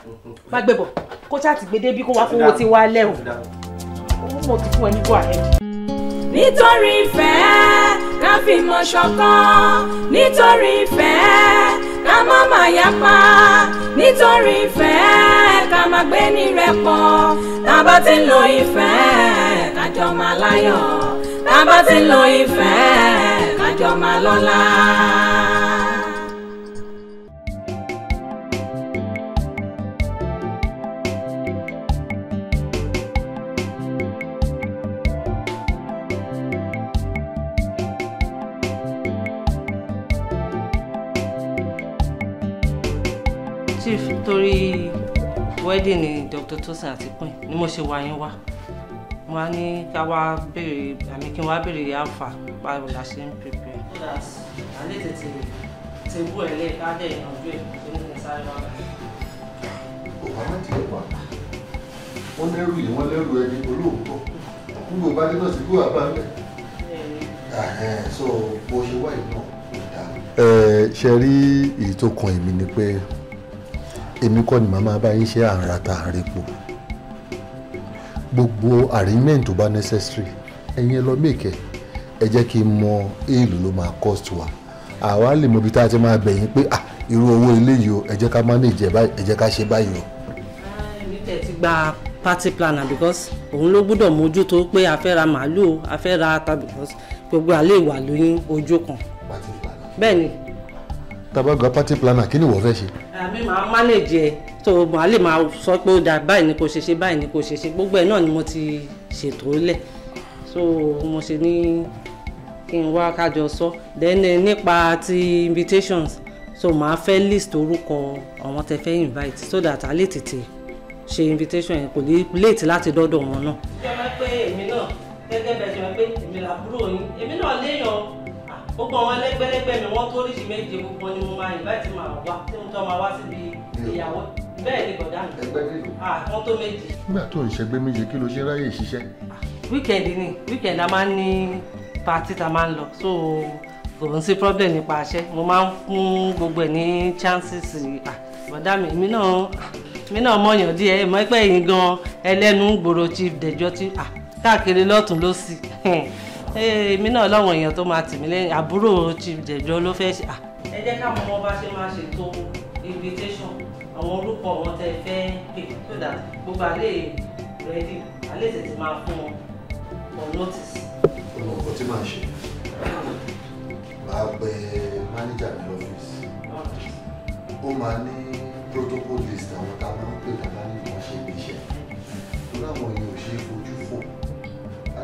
má gbé bọ̀ kó ṣáà ti gbé débi kó wá fowó ti wá lẹ́ o mo ti fún ẹ go ahead nítorí ìfẹ́ ká fi mọ̀ ṣọ̀kan nítorí ìfẹ́ ká má má yapa nítorí ìfẹ́ ká má gbé ní rẹpọ̀ tá bá ti ń lo ìfẹ́ ká jọ láyọ̀ tá ti ń lo ìfẹ́ ká jọ máa chief torí wedding ni dr tosin àti queen ni mo ṣe wá yín wá mo á ní ká wá béèrè àmì kí n wá béèrè àǹfà báwo la ṣe ń pèpè. alẹ́ tètè tèbú ẹ̀ lé ká dẹ̀ ìyànjú ẹ̀ tó ní kí n sáré wá. òbá má tiẹ̀ wá wọ́n lẹ́rù yìí wọ́n lẹ́rù ẹni olóòótọ́ gbogbo bá dé náà sí gbogbo àbá ńlẹ̀ so bó ṣe wá ìlú náà kò dáa. ẹ ṣe rí èyí tó kan èmi ni pé èmi kọ́ ni màmá bá yín ṣe àǹra ta àǹrepo gbogbo arrangement tó bá necessary ẹ̀yin ẹ lọ mèkẹ́ ẹ jẹ́ kí n mọ èèlò ló máa cost wa àwa lè mọ ibi tá a ti máa bẹ̀yìn pé ah irú owó eléyìí o ẹ jẹ́ ká manage ẹ jẹ́ ká ṣe báyìí o. ẹni tẹ̀ ti gba party planner because òun ló gbọ́dọ̀ mójútó pé a fẹ́ ra màálù a fẹ́ ra ata because gbogbo àlè wà lóyún ojú kan bẹ́ẹ̀ ni tàbá gba party planner kí ni ìwọ fẹ́ ṣe. àmì màá manage ẹ tó màá lè máa sọ pé ó dà báyìí ni kò ṣe ṣe báyìí ni kò ṣe ṣe gbogbo ẹ náà ni mo ti ṣètò lẹ̀ so mo ṣe ní kí n wá kájọ sọ then eh, nípa ti invitations so màá fẹ́ list orúkọ àwọn tẹ fẹ́ invite so that a lè tètè ṣe invitation yẹn kò ní late láti dọ́dọ̀ wọn náà. ṣé o máa pé èmi náà gẹ́gẹ́ bẹ́ẹ̀ ṣe máa pé èmi làbúrò yín èmi náà léèyàn gbogbo àwọn ẹlẹgbẹlẹgbẹ mi wọn tó oríṣi méje gbogbo ni mo máa yìn láti máa wá tí mo tọ́ máa wá síbi ìyàwó bẹ́ẹ̀ ni bọ̀dá mi wọ́n tó méje. nígbà tó ń ṣẹgbẹ́ méje kí ló ṣe ráyè ṣiṣẹ́. wíkẹ̀ndì ni wíkẹ̀ndì a máa ń ní patí tá a máa ń lọ so kò ń sí problem nípa àṣẹ mo máa ń fún gbogbo ẹ̀ ní chances bọ̀dá mi èmi náà èmi náà mọ̀yàn díẹ̀ ẹ̀ mọ́ pẹ́ gan ẹlẹ́nu gbòòrò chief dẹjọ́ tí káàkiri lọ́tún lọ́sì Eh, èmi náà lọ́wọ́ èèyàn tó máa tì mí lẹ́yìn àbúrò chief jẹ̀jọ́ ló fẹ́ ṣe. Ah. ẹ jẹ́ káwọn ọmọ bá ṣe máa ṣètò invitation àwọn orúkọ wọn tẹ fẹ́ pè so that gbogbo àlè ready àlè tètè máa fún wọn for notice. ọmọ ọkọ tí màá ṣe màá pe manager mi lọ́fíìsì ó máa ní protocol list àwọn táwọn ń pè dáadáa nínú ọṣẹ ibi tó láwọn yóò ṣe é fún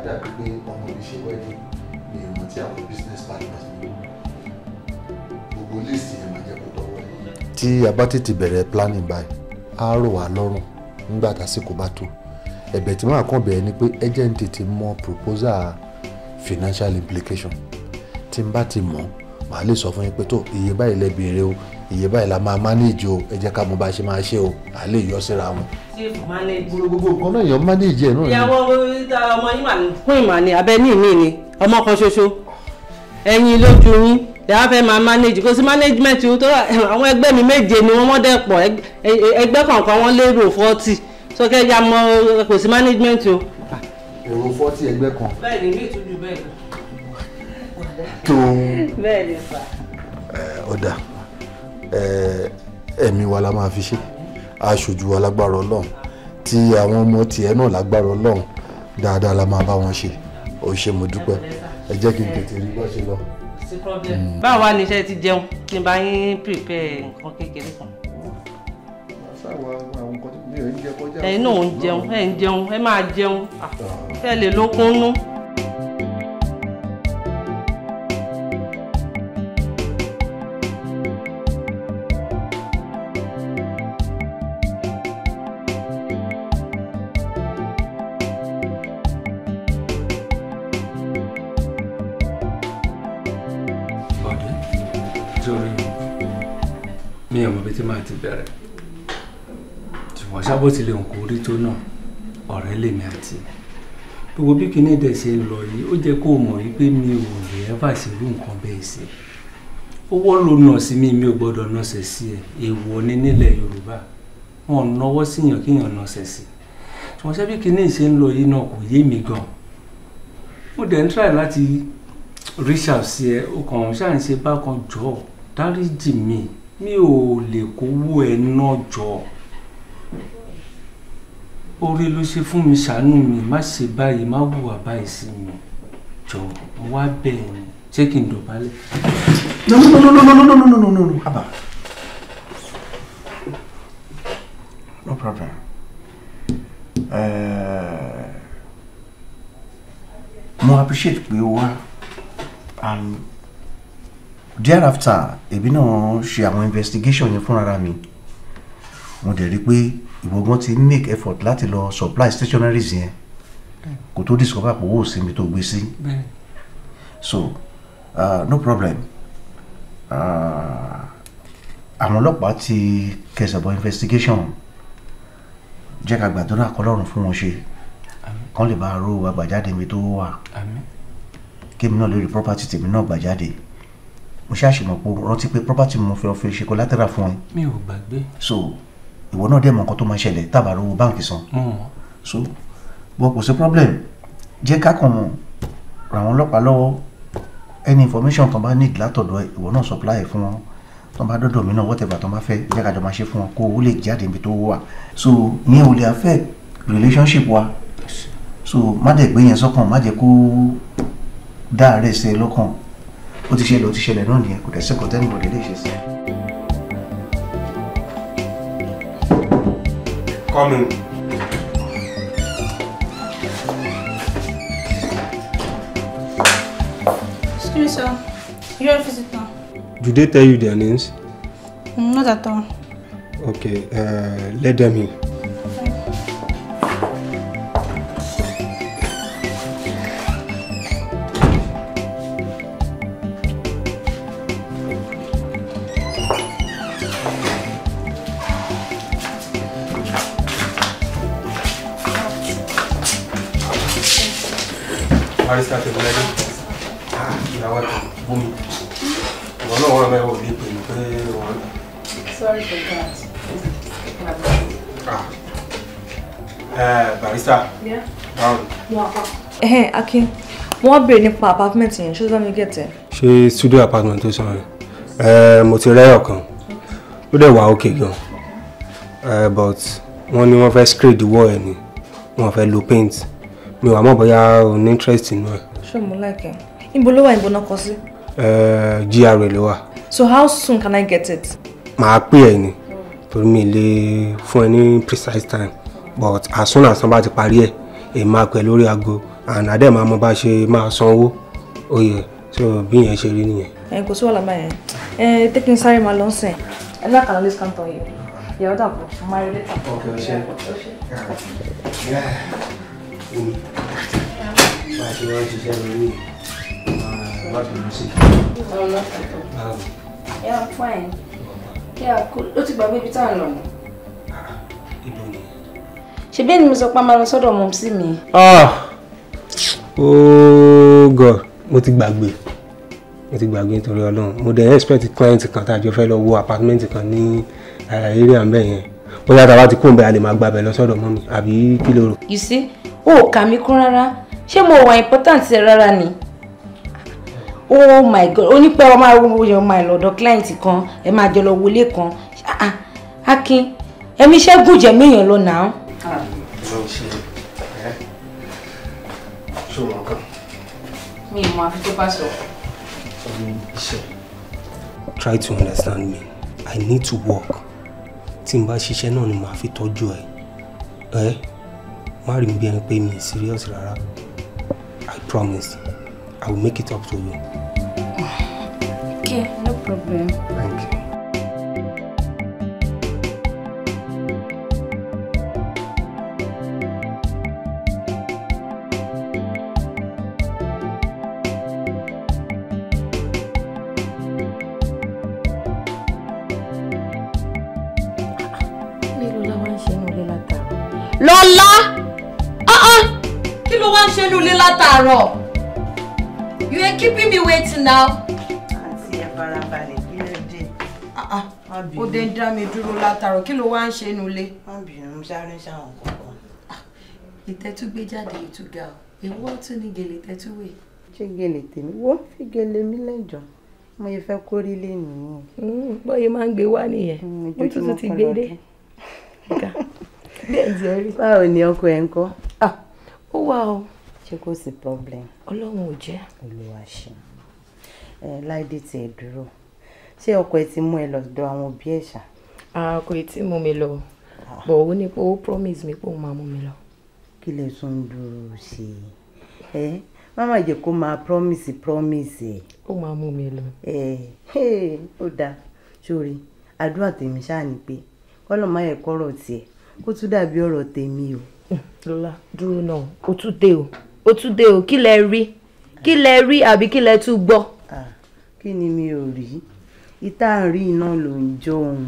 dàbí pé ọmọ mi ṣe wedding mi ò rántí àwọn business partners mi gbogbo list yẹn máa jẹ́ kó tọ́wọ́ yìí. tí a bá tètè bẹ̀rẹ̀ planning báyìí á rò wá lọ́rùn nígbà tásìkò bá tó ẹ̀bẹ̀ tí màá kàn bẹ̀rẹ̀ ni pé ẹ jẹ́ tètè mọ proposal financial implication tí n bá ti mọ̀ màá lè sọ fún yín pé tó iye báyìí lẹ́bi rẹ o iye báyìí la máa manage o ẹ jẹ́ ká mọ bá ṣe máa ṣe o à lè yọ síra wọn. ṣé manage. gbogbo nǹkan náà yọ manage ẹ náà. ìyàwó ọmọ yín mà ní. fún ìmọ̀ ni abẹ́ ní ìmí ni ọmọ kan ṣoṣo ẹ̀yin lójú yín ìyá fẹ́ máa manage kò sí management tó àwọn ẹgbẹ́ mi méje ni wọ́n mọ́dẹ̀ pọ̀ ẹgbẹ́ kọ̀ọ̀kan wọ́n lérò forty sókè ya mọ kò sí management o. èrò forty ẹgbẹ́ kan. bẹ́ẹ̀ni mi ìtújú bẹ́ẹ̀ni. tó. bẹ́ẹ̀ni. ọ̀dà. Eh, ẹ̀mí wa la máa fi ṣe aṣojú wa lágbára ọlọ́run tí àwọn ọmọ tiẹ̀ náà lágbára ọlọ́run dáadáa la máa bá wọn ṣe ó ṣe mo dúpẹ́ ẹ jẹ́ kí n tètè rí bọ́ ṣe lọ. báwo wá ní iṣẹ́ ti jẹun kí n bá yín prepare nǹkan kékeré kan. ẹ̀yin náà ń jẹun ẹ̀ ń jẹun ẹ máa jẹun kẹ́ ah, lè lókun nú. bẹ̀rẹ̀ ṣùgbọ́n ṣábó ti lè kó orí tó náà ọ̀rẹ́ lèmi àti gbogbo bí kinní dẹ̀ ṣe lọ yìí ó jẹ́ kó o mọ̀ wípé mi ò lè ẹ́fà sí irú nǹkan bẹ́ẹ̀ sí owó ló nà sí mi mi ò gbọ́dọ̀ nọ̀sẹ̀ sí ẹ̀ èèwọ̀ ni nílẹ̀ Yorùbá wọn náwó síyàn kíyàn nọ̀sẹ̀ sí ṣùgbọ́n ṣábí kinní ṣe ń lọ yìí náà kò yé mi gan mo dẹ̀ ń try láti reach out sí ẹ o kàn ṣáà bákan jọ̀ọ́ dáríjì mi mi ò lè kówó ẹ náà jọ oore ló ṣe fún mi ṣàánú mi má ṣe báyìí má hùwà báyìí sí mi jọ mo wá bẹ̀ ẹ́ ni ṣé kí n dọ̀bálẹ̀. no no no no no no no no no no no haba no problem uh, mo appreciate pé o wá and thereafter èmi náà ṣe àwọn investigation yẹn fúnra mi mo dẹ̀ rí i pé ìwọ̀gbọ́n ti make effort láti lọ supply stationaries yẹn kò tó discover pé owó ò sinmi tó gbé sí so uh, no problem ah, àwọn ọlọ́pàá ti kẹsàbọ̀ investigation jẹ́ ká gbàdúrà kọlọ́run fún wọn ṣe kán lè bá ro àgbàjáde mi tó wà kémi náà lórí property tèmi náà gbàjáde. Amen mo ṣàṣìmọ̀ pé rántí pé property mo fẹ́ fẹ́ ṣe collateral fún ẹ. mi ò gbàgbé. so ìwọ náà dẹ̀ mọ nǹkan tó máa ṣẹlẹ̀ tábàárò báǹkì san. so wọn kò sí problem jẹ́ ká kàn ràn wọ́n lọ́pàá lọ́wọ́ any information tó bá need látọ̀dọ̀ ìwọ náà supply ẹ̀ fún wọn tó bá dọ́dọ̀ mi náà whatever tó bá fẹ́ jẹ́ ká jọ máa ṣe fún wọn kó o lè jáde ibi tó wà. so ìyẹn ò lè affect relationship wa so má dẹ̀ gbé yẹn sọ́kàn má jẹ́ kó dáa rẹ̀ ṣe lọ́kàn ó ti ṣẹlẹ̀ ó ti ṣẹlẹ̀ náà nìyẹn kò dẹ̀ sí kọ́tẹ́nì bọ̀dẹ̀ lè ṣe sí. Come in. Excuse me, sir. You're a visitor. Did they tell you their names? Mm, not at all. Okay, uh, let them in. ẹhẹn Akin wọ́n béèrè nípa apartment yẹn ṣé ó bá mi gẹ̀tẹ̀. ṣé studio apartment tó sọ yẹn mo ti rẹ́ ọ̀kan ó dẹ̀ wá òkè gan but wọ́n ní wọ́n fẹ́ spray the wall ẹ̀ ni wọ́n fẹ́ lo paint mi wà mọ̀ bóyá o ní interest nínú ẹ̀. ṣé mo láìkẹ́ ibo ló wà ibo náà kọ sí. GRA ló wà. so how soon can I get it. màá pè ẹ ni torí mi lè fún ẹ ní precise time but as soon as wọ́n bá ti parí ẹ̀ èyí máa pẹ̀ lórí aago àná dẹ̀ máa mọ bá ṣe máa sanwó oyè so bí yẹn ṣe rí nìyẹn. ẹ kò sí wàhálà báyẹn ẹ tẹkín sáré máa lọ sìn ẹ lákàlà lè sàn tán yìí ìyàwó dàbọ̀ máa rí lẹ́tà. ọkẹ O omi bá a ṣe wá ṣiṣẹ́ lórí ẹ̀ láti lọ sí. ẹ wá fún ẹ kí a kó ló ti gbàgbé ibi tá à ń lọ mọ́. Ah, ibo ni ṣe bẹ́ẹ̀ ni mo sọ pé a máa lọ sọ́dọ̀ mọ̀ sí mi. Ah! ooo oh, god mo ti gbàgbé mo ti gbàgbé nítorí ọlọ́run mo dẹ̀ expect client kan tá a jọ fẹ́ lọ wo apartment kan ní ah, area ń bẹ̀ yẹn bóyá tàbá ti kóńbẹ́ a lè máa gbàbẹ̀ lọ sọ́dọ̀ mọ́ àbí kí ló rò. you see o ò kà mí kún rárá ṣé mo wà important rárá ni oh my god ó ní pé ọmọ àwòrán ọmọ àìlọ́dọ̀ client kan ẹ máa jọ lọ wọlé kan ah, akin ẹ̀mí iṣẹ́ gùn jẹ̀mí èèyàn lọ nàá ló ń ṣe ẹ́ ṣó mọ̀ nǹkan. mi ò mọ àfi tó try to understand me i need to work tí n bá ṣiṣẹ́ náà ni màá fi tọ́jú ẹ ẹ eh? má rí bí ẹni pé mi serious rárá i promise i will make it up to you. okay no problem. thank you. látàárọ̀. You are keeping me waiting now. Àǹtí ẹ farabalẹ̀ kí ló dé? Ah, ah. Ó dé ń dá mi dúró látàárọ̀ kí ló wá ń ṣe inú ilé? Má bínú, mo sáré sáwọn kọ̀ọ̀kan. Ah, ìtẹ́tú gbé jáde ìtúgà o, èwo tún ní gèlè tẹ́tú wè? Ṣé gèlè tèmi? Wo fi gèlè mi lẹ́jọ́? Mo yẹ fẹ́ kórí lé nìyí. Hmm, Bọ́yé máa ń gbé wá nìyẹn, ó hmm, tuntun ti gbé dé. Báwo ni ọkọ ẹ̀ ń kọ́? Ó wà o ṣé kò sí problem. ọlọ́run ò jẹ́. olúwa ṣe ẹ láìdé tí ẹ dúró ṣé ọkọ ẹ ti mú ẹ lọ́dọ̀ àwọn òbí ẹ ṣá. kò ì tí mú mi lọ ah. bọ̀ ó ní pé ó promise mi pé òun máa mú mi lọ. kí lè tún dúró ṣe ẹ mama jẹ kó máa promise promise ẹ. ó máa mú mi lọ. ẹ ẹ ó dáa sórí àdúrà tèmi ṣáà ni pé kọ́lọ̀ má yẹ kọ́rọ̀ tiẹ̀ kó tún dàbí ọ̀rọ̀ tèmi o. Hm, lọ́la dúró náà ó tún dé o ó tún dé o kí lẹ rí kí lẹ rí àbí kí lẹ tún gbọ́. kí ni mi ò rí ìta rí iná ló ń jó òun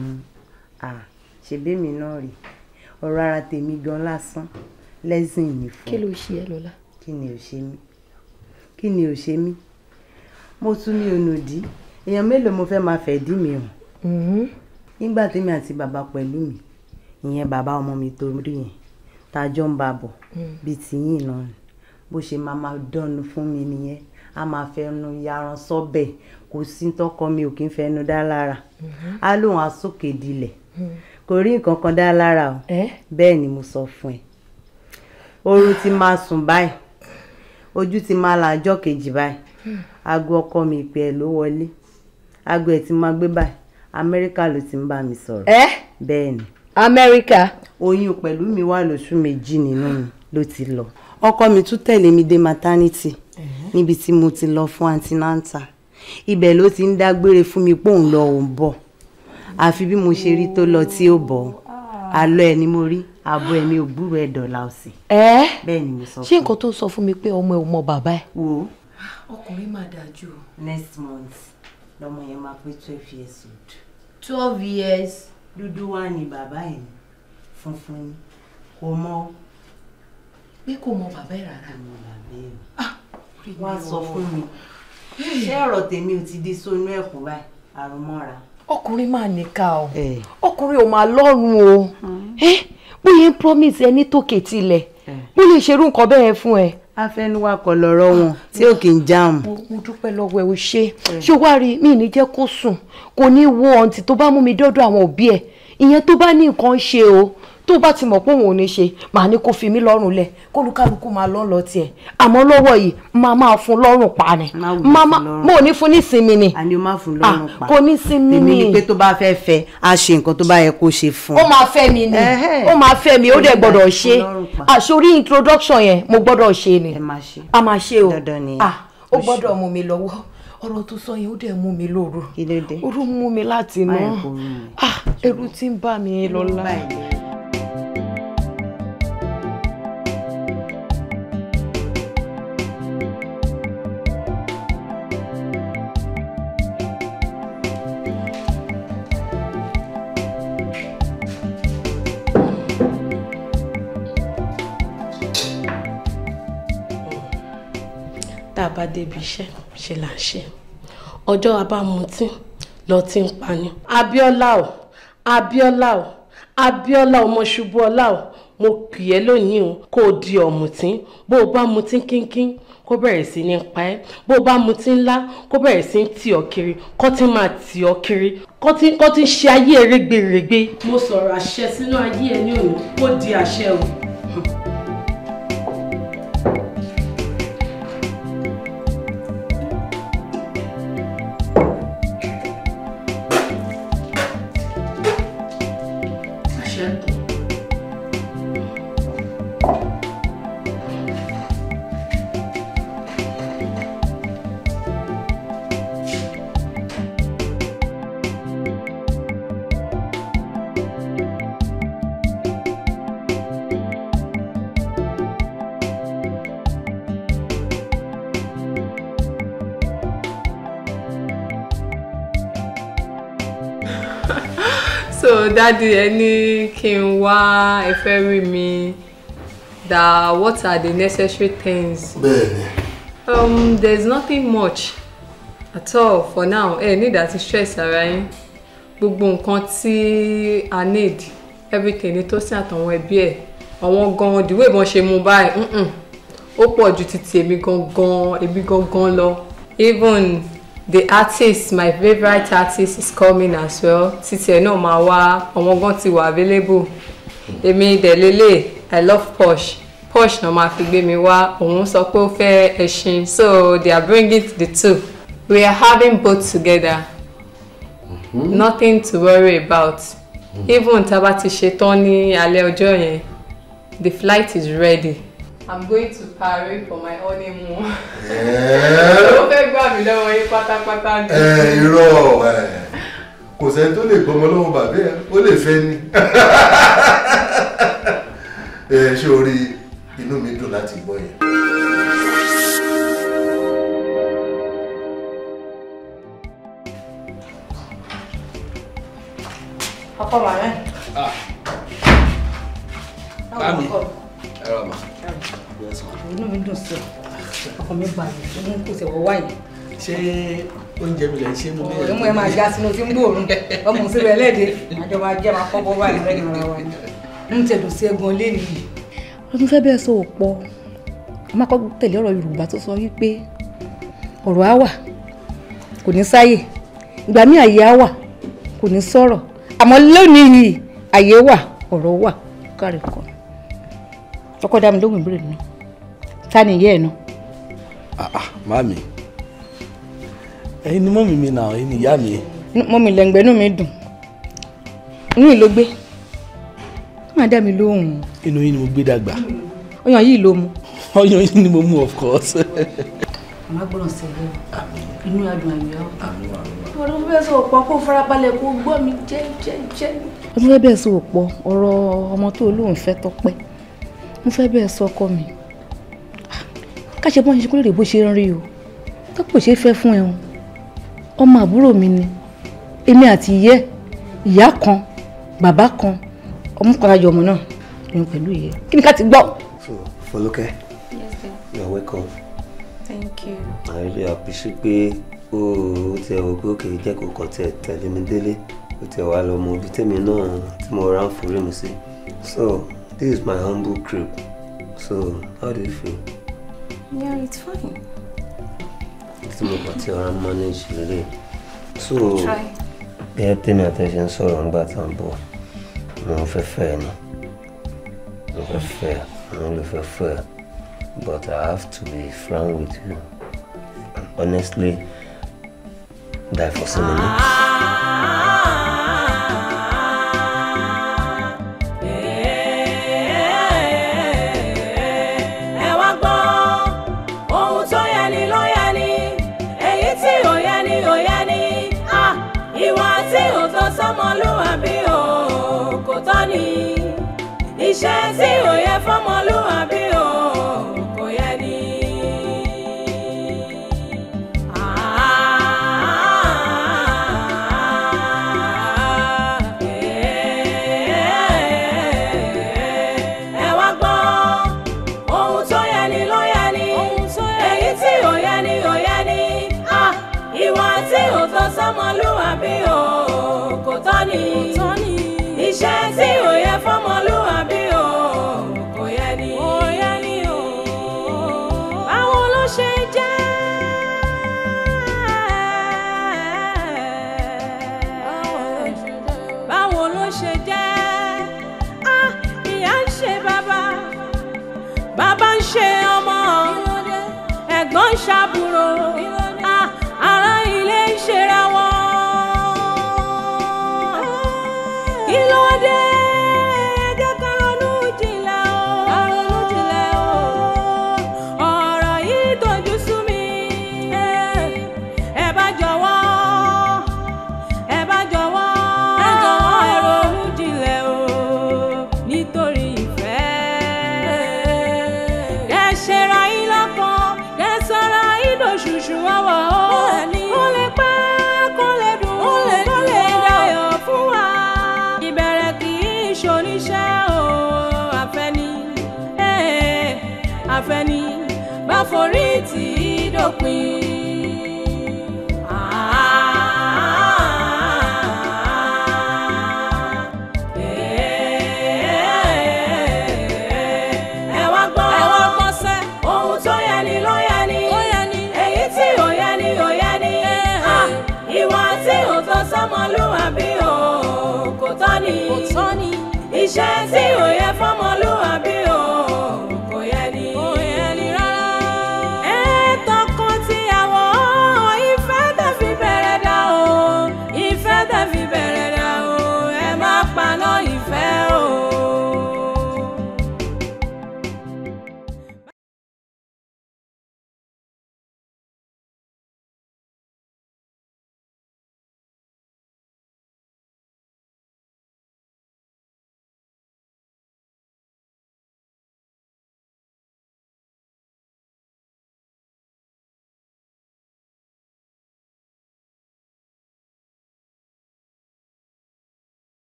ṣèbémi náà rí ọ̀rọ̀ ara tèmi gan lásán lẹ́sìn mi fún. kí ló ṣe ẹ́ lọ́la. kí ni ò ṣe mí kí ni ò ṣe mí mo tún ní onòdì èèyàn mélòó mo fẹ́ máa fẹ́ dí mi hàn mm-hmm. nígbà tèmi àti bàbá pẹ̀lú mi ìyẹn bàbá ọmọ mi torí yẹn tá a jọ ń bá bọ̀ mm. bíi tìyín náà ni bó ṣe máa máa dánnu fún mi nìyẹn a máa fẹnu yaran sọ́bẹ̀ kò sí tọkọ mi ò kí ń fẹnu dá lára mhm. á lóun asókè dilẹ̀ mhm. kò rí nǹkan kan dá lára o bẹ́ẹ̀ ni mo sọ fún ẹ oorun ti máa sùn báyìí ojú ti máa là ọjọ́ kejì báyìí aago hmm. ọkọ mi ìpè ẹ̀ ló wọlé aago ẹ̀ ti máa gbé báyìí amẹ́ríkà ló ti ń bá mi sọ̀rọ̀ bẹ́ẹ̀ ni amẹ́ríkà oyún pẹ̀lú mi wà lóṣù méjì nínú mi ló ti lọ ọkọ mi tún tẹ̀lé mi dé maternity níbi tí mo ti lọ fún antinanta ibẹ̀ ló ti ń dágbére fún mi pé òun lọ òun bọ̀ àfi bí mo ṣe rí tó lọ tí ó bọ̀ àlọ́ ẹ̀ ni mo rí àbọ̀ ẹ̀mí ògbúrò ẹ̀ dọ̀la òsì. ẹ bẹ́ẹ̀ ni mo sọ fún un. ṣé nǹkan tó sọ fún mi pé ọmọ ẹ ò mọ bàbá ẹ. wo ọkùnrin máa dájú. next month lọmọ yẹn máa pé twelve years old. twelve years. dúdú wá ní bàbá ẹ̀ funfun kò mọ pé kò mọ bàbá ẹ̀ rárá. Ah, wá sọ fún mi ṣé ọ̀rọ̀ tèmi ò ti di sónú ẹ̀kú báyìí àrùmọ́ra. ọkùnrin máa níkà o ọkùnrin ò máa lọ́rùn o mm. eh, bóyá ń promise ẹni tókè tilẹ̀ bó lè ṣerú nǹkan bẹ́ẹ̀ fún ẹ afẹnuwakọ lọ̀rọ̀ wọn ah. tí ò kì í jáàmù. mo dúpẹ́ lọ́wọ́ ẹ o ṣe ṣé wàá rí mi ní jẹ́ kó sùn kò ní wo ọ̀ǹtì tó bá mú mi dọ́dọ̀ àwọn òbí ẹ̀ ìyẹn tó bá ní nǹkan ṣe o tó bá ti mọ̀ pé òun ò ní ṣe màá ní kó fi mí lọ́rùn lẹ̀ kó olúkálukú máa lọ́ lọ tiẹ̀ àmọ́ lọ́wọ́ yìí máa máa fún lọ́rùn pa ni máa mo ò ní fún ní sinmi ni àní o máa fún lọ́rùn ah, pa kò ní sinmi ni èmi ni pé tó bá fẹ́ fẹ́ a ṣe nǹkan tó bá yẹ kó ṣe fún un. ó máa fẹ́ mi ni ó máa fẹ́ mi ó dẹ̀ gbọ́dọ̀ ṣe àṣorí ah, introduction yẹn mo gbọ́dọ̀ ṣe ni a máa ṣe o ah, ó gbọ́dọ̀ mú mi lọ́wọ́ ọ̀rọ̀ tó sọ yẹn ó dẹ̀ mú mi lóru òru mú mi láti inú ah ẹ̀rù ti ń bà mí lọ́la. tá a bá débi iṣẹ́ ṣe là ń ṣe ọjọ́ abámutí lọ ti ń pani Abíọ́lá o abiola o abiola ọmọṣubúọlá o mo pè é lónìí o kó o di ọ̀mùtí bó o bá mutí kínkín kó bẹ̀rẹ̀ sí ní pa ẹ́ bó o bá mutí ńlá kó bẹ̀rẹ̀ sí ní tì ọ́ kiri kó tí máa tì ọ́ kiri kó tí kó tí ń ṣe ayé rẹ́gbẹ̀rẹ́gbẹ́. mo sọ̀rọ̀ àṣẹ sínú ayé ẹ ní òní kó di àṣẹ o. dádì ẹ ní kí n wá ẹ rí mi that what are the necessary things. bẹ́ẹ̀ni. Um, there's nothing much at all for now ẹ ní ìdá ti stress ara yín gbogbo nǹkan tí i need everything ni tó sì àtàwọn ẹbí ẹ àwọn gan-an dìwé ìbọn ṣe mú báyìí ó pọ̀ ju ti tèmi gan-an ẹbí gan-an lọ even the artist my favourite artist is coming as well títí ẹ̀ náà máa wá àwọn gan ti wà available èmi dẹ̀lélẹ̀ i love posh posh náà máa fi gbé mi wá òun sọ pé ó fẹ́ ẹṣin so they are bringing the two we are having both together mm -hmm. nothing to worry about mm -hmm. even tá a bá ti ṣetán ní alẹ́ ọjọ́ yẹn the flight is ready. I'm going to Paris for my honeymoon. ó fẹ́ gbà mí lọ́wọ́ yín pátápátá ni. ẹ irọ́ kò sẹ́ni tó lè gbọmọ lọ́wọ́ bàbá ẹ ó lè fẹ́ ni. ẹ ṣé orí inú mi dùn láti gbọ́ yẹn. ọkọ màmá ẹ. báwo ni ẹ rà mà. inú mi dùn sí ọkàn mi balẹ̀ inú kò ṣe wọ wáyé. ṣé oúnjẹ mi lè ṣe mú mi. ọ̀rẹ́ mu ẹ máa já sínú tí ń gbòòrùn ọmọ òṣèlú ẹlẹ́dẹ̀ẹ́ àjọ máa jẹ́ máa kọ́ bọ́ báyìí lẹ́yìn ara wa ń tẹ̀dùn sí ẹ̀gbọ́n lé nìyí. ó tún fẹ́ bẹ́ẹ̀ sọ òpó a máa kọ́ tẹ̀lé ọ̀rọ̀ Yorùbá tó sọ wípé ọ̀rọ̀ á wà kò ní sáyè ìgbà míì àyè á wà kò ní sọ̀rọ̀ àmọ́ lónìí yìí àyè wà ọ̀rọ̀ wà kárí ọkọ dá ah, ah, mi lóhùn ìbéèrè náà ta ni ìyá ẹ̀ nu. mami ẹ̀yin ni mọ́mì mi náà ẹ̀yin ni ìyá mi. mọ́mì lẹ́ngbẹ́ inú mi dùn inú yìí ló gbé má dá mi lóhùn. inú yìí ni mo gbé dàgbà. ọyàn yìí ló mu. ọyàn yìí ni mo mu of course. màmá gbọ́dọ̀ sẹ́yìn inú adùn àyà ọ̀rọ̀ fẹ́ sọ pọ̀ kó farabalẹ̀ kó gbọ́ mi jẹ́jẹ́jẹ́. ọdún fẹ́ bẹ́ẹ̀ sọ pọ̀ ọ̀rọ̀ ọmọ tó olóhùn fẹ́ tọ́pẹ́ mo fẹ́ bẹ́ẹ̀ sọ ọkọ mi káṣe bọ́n ṣe kó bó ṣe ń rí o tọ́pọ̀ ṣe fẹ́ fún ẹ o ọmọ àbúrò mi ni èmi àti ìyẹ́ ìyá kan bàbá kan ọmọkùnrin ọmọ náà ìyẹn pẹ̀lú ìyẹ́ kí ni ká ti gbọ́. Folúkẹ́ you're welcome. thank you. I really appreciate pé o tẹ o pé òkè jẹ́ kó kàn tẹ tẹ̀lé mi délé o tẹ wá lọ mọ ibi tẹ́mi náà tí mo rà ń forí mi sí so This is my humble crib. So, how do you feel? Yeah, it's fine. Tí mo bàtí ara manage rere. So, bí ẹ tẹ́mi àtẹ̀sẹ̀ ń sọ̀rọ̀ nígbà tá à ń bọ̀, mo fair, fẹ́ ẹ fair. Mo fẹ́ fẹ́ But I have to be frank with you. honestly, die for cinema. Ah. jọ̀wọ́.